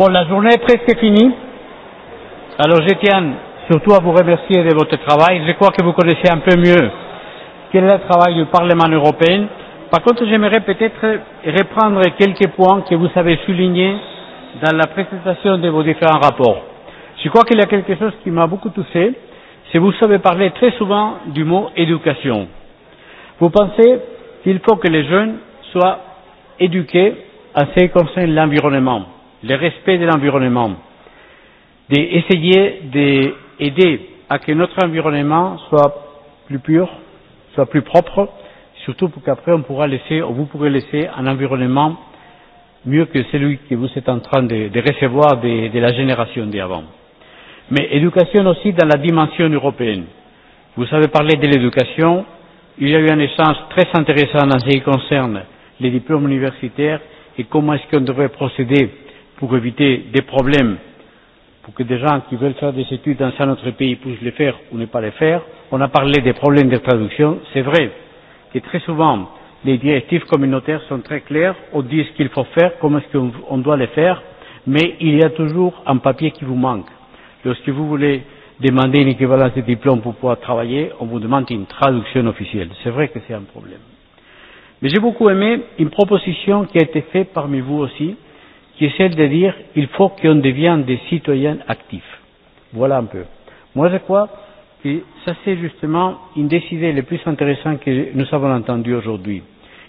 Bon, la journée est presque finie. Alors, je tiens surtout à vous remercier de votre travail. Je crois que vous connaissez un peu mieux quel est le travail du Parlement européen. Par contre, j'aimerais peut-être reprendre quelques points que vous avez soulignés dans la présentation de vos différents rapports. Je crois qu'il y a quelque chose qui m'a beaucoup touché, c'est que vous savez parler très souvent du mot éducation. Vous pensez qu'il faut que les jeunes soient éduqués à ce qui concerne l'environnement le respect de l'environnement, d'essayer d'aider à que notre environnement soit plus pur, soit plus propre, surtout pour qu'après on pourra laisser, ou vous pourrez laisser un environnement mieux que celui que vous êtes en train de, de recevoir de, de la génération d'avant. Mais éducation aussi dans la dimension européenne. Vous avez parlé de l'éducation. Il y a eu un échange très intéressant en ce qui concerne les diplômes universitaires et comment est-ce qu'on devrait procéder euh, pour éviter des problèmes, pour que des gens qui veulent faire des études dans notre pays puissent les faire ou ne pas les faire. On a parlé des problèmes de traduction. C'est vrai que très souvent, les directives communautaires sont très claires. On dit ce qu'il faut faire, comment est-ce qu'on doit les faire, mais il y a toujours un papier qui vous manque. Lorsque vous voulez demander une équivalence de diplôme pour pouvoir travailler, on vous demande une traduction officielle. C'est vrai que c'est un problème. Mais j'ai beaucoup aimé une proposition qui a été faite parmi vous aussi, qui est celle de dire il faut qu'on devienne des citoyens actifs. Voilà un peu. Moi, je crois que ça, c'est justement une des idées les plus intéressantes que nous avons entendues aujourd'hui.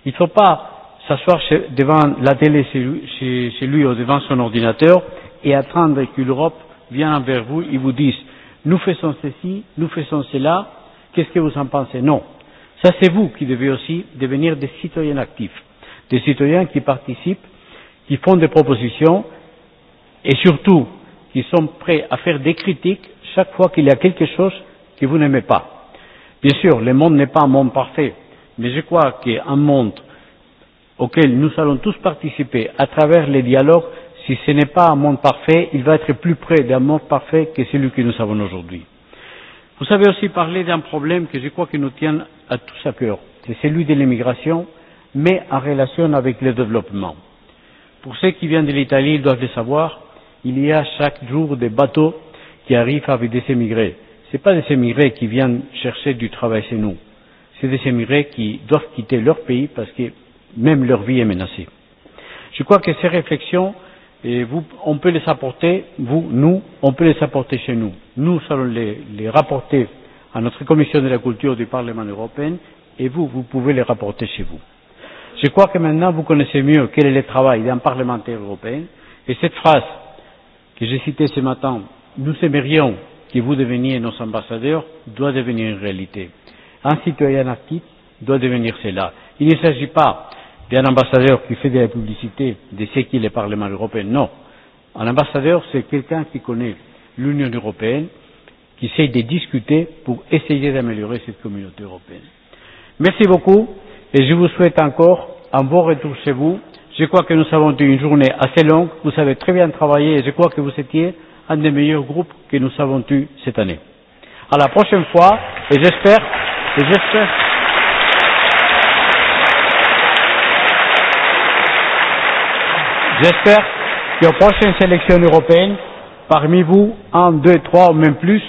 Il ne faut pas s'asseoir devant la télé chez lui, chez, chez lui ou devant son ordinateur et attendre que l'Europe vienne vers vous et vous dise nous faisons ceci, nous faisons cela, qu'est-ce que vous en pensez Non. Ça, c'est vous qui devez aussi devenir des citoyens actifs, des citoyens qui participent qui font des propositions et surtout qui sont prêts à faire des critiques chaque fois qu'il y a quelque chose que vous n'aimez pas. Bien sûr, le monde n'est pas un monde parfait, mais je crois qu'un monde auquel nous allons tous participer à travers les dialogues, si ce n'est pas un monde parfait, il va être plus près d'un monde parfait que celui que nous avons aujourd'hui. Vous avez aussi parlé d'un problème que je crois qui nous tient à tous à cœur, c'est celui de l'immigration, mais en relation avec le développement. Pour ceux qui viennent de l'Italie, ils doivent le savoir, il y a chaque jour des bateaux qui arrivent avec des émigrés. Ce pas des émigrés qui viennent chercher du travail chez nous. C'est des émigrés qui doivent quitter leur pays parce que même leur vie est menacée. Je crois que ces réflexions, et vous, on peut les apporter, vous, nous, on peut les apporter chez nous. Nous allons les, les rapporter à notre commission de la culture du Parlement européen et vous, vous pouvez les rapporter chez vous. Je crois que maintenant vous connaissez mieux quel est le travail d'un parlementaire européen. Et cette phrase que j'ai citée ce matin, nous aimerions que vous deveniez nos ambassadeurs, doit devenir une réalité. Un citoyen actif doit devenir cela. Il ne s'agit pas d'un ambassadeur qui fait de la publicité de ce qu'est le Parlement européen. Non. Un ambassadeur, c'est quelqu'un qui connaît l'Union européenne, qui essaye de discuter pour essayer d'améliorer cette communauté européenne. Merci beaucoup. Et je vous souhaite encore un bon retour chez vous. Je crois que nous avons eu une journée assez longue. Vous avez très bien travaillé et je crois que vous étiez un des meilleurs groupes que nous avons eu cette année. À la prochaine fois et j'espère, et j'espère. J'espère qu'aux prochaines sélections européennes, parmi vous, un, deux, trois ou même plus,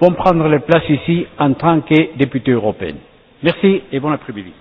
vont prendre les places ici en tant que députés européens. Merci et bon après-midi.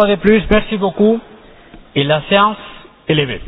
fois de plus, merci beaucoup et la séance est levée.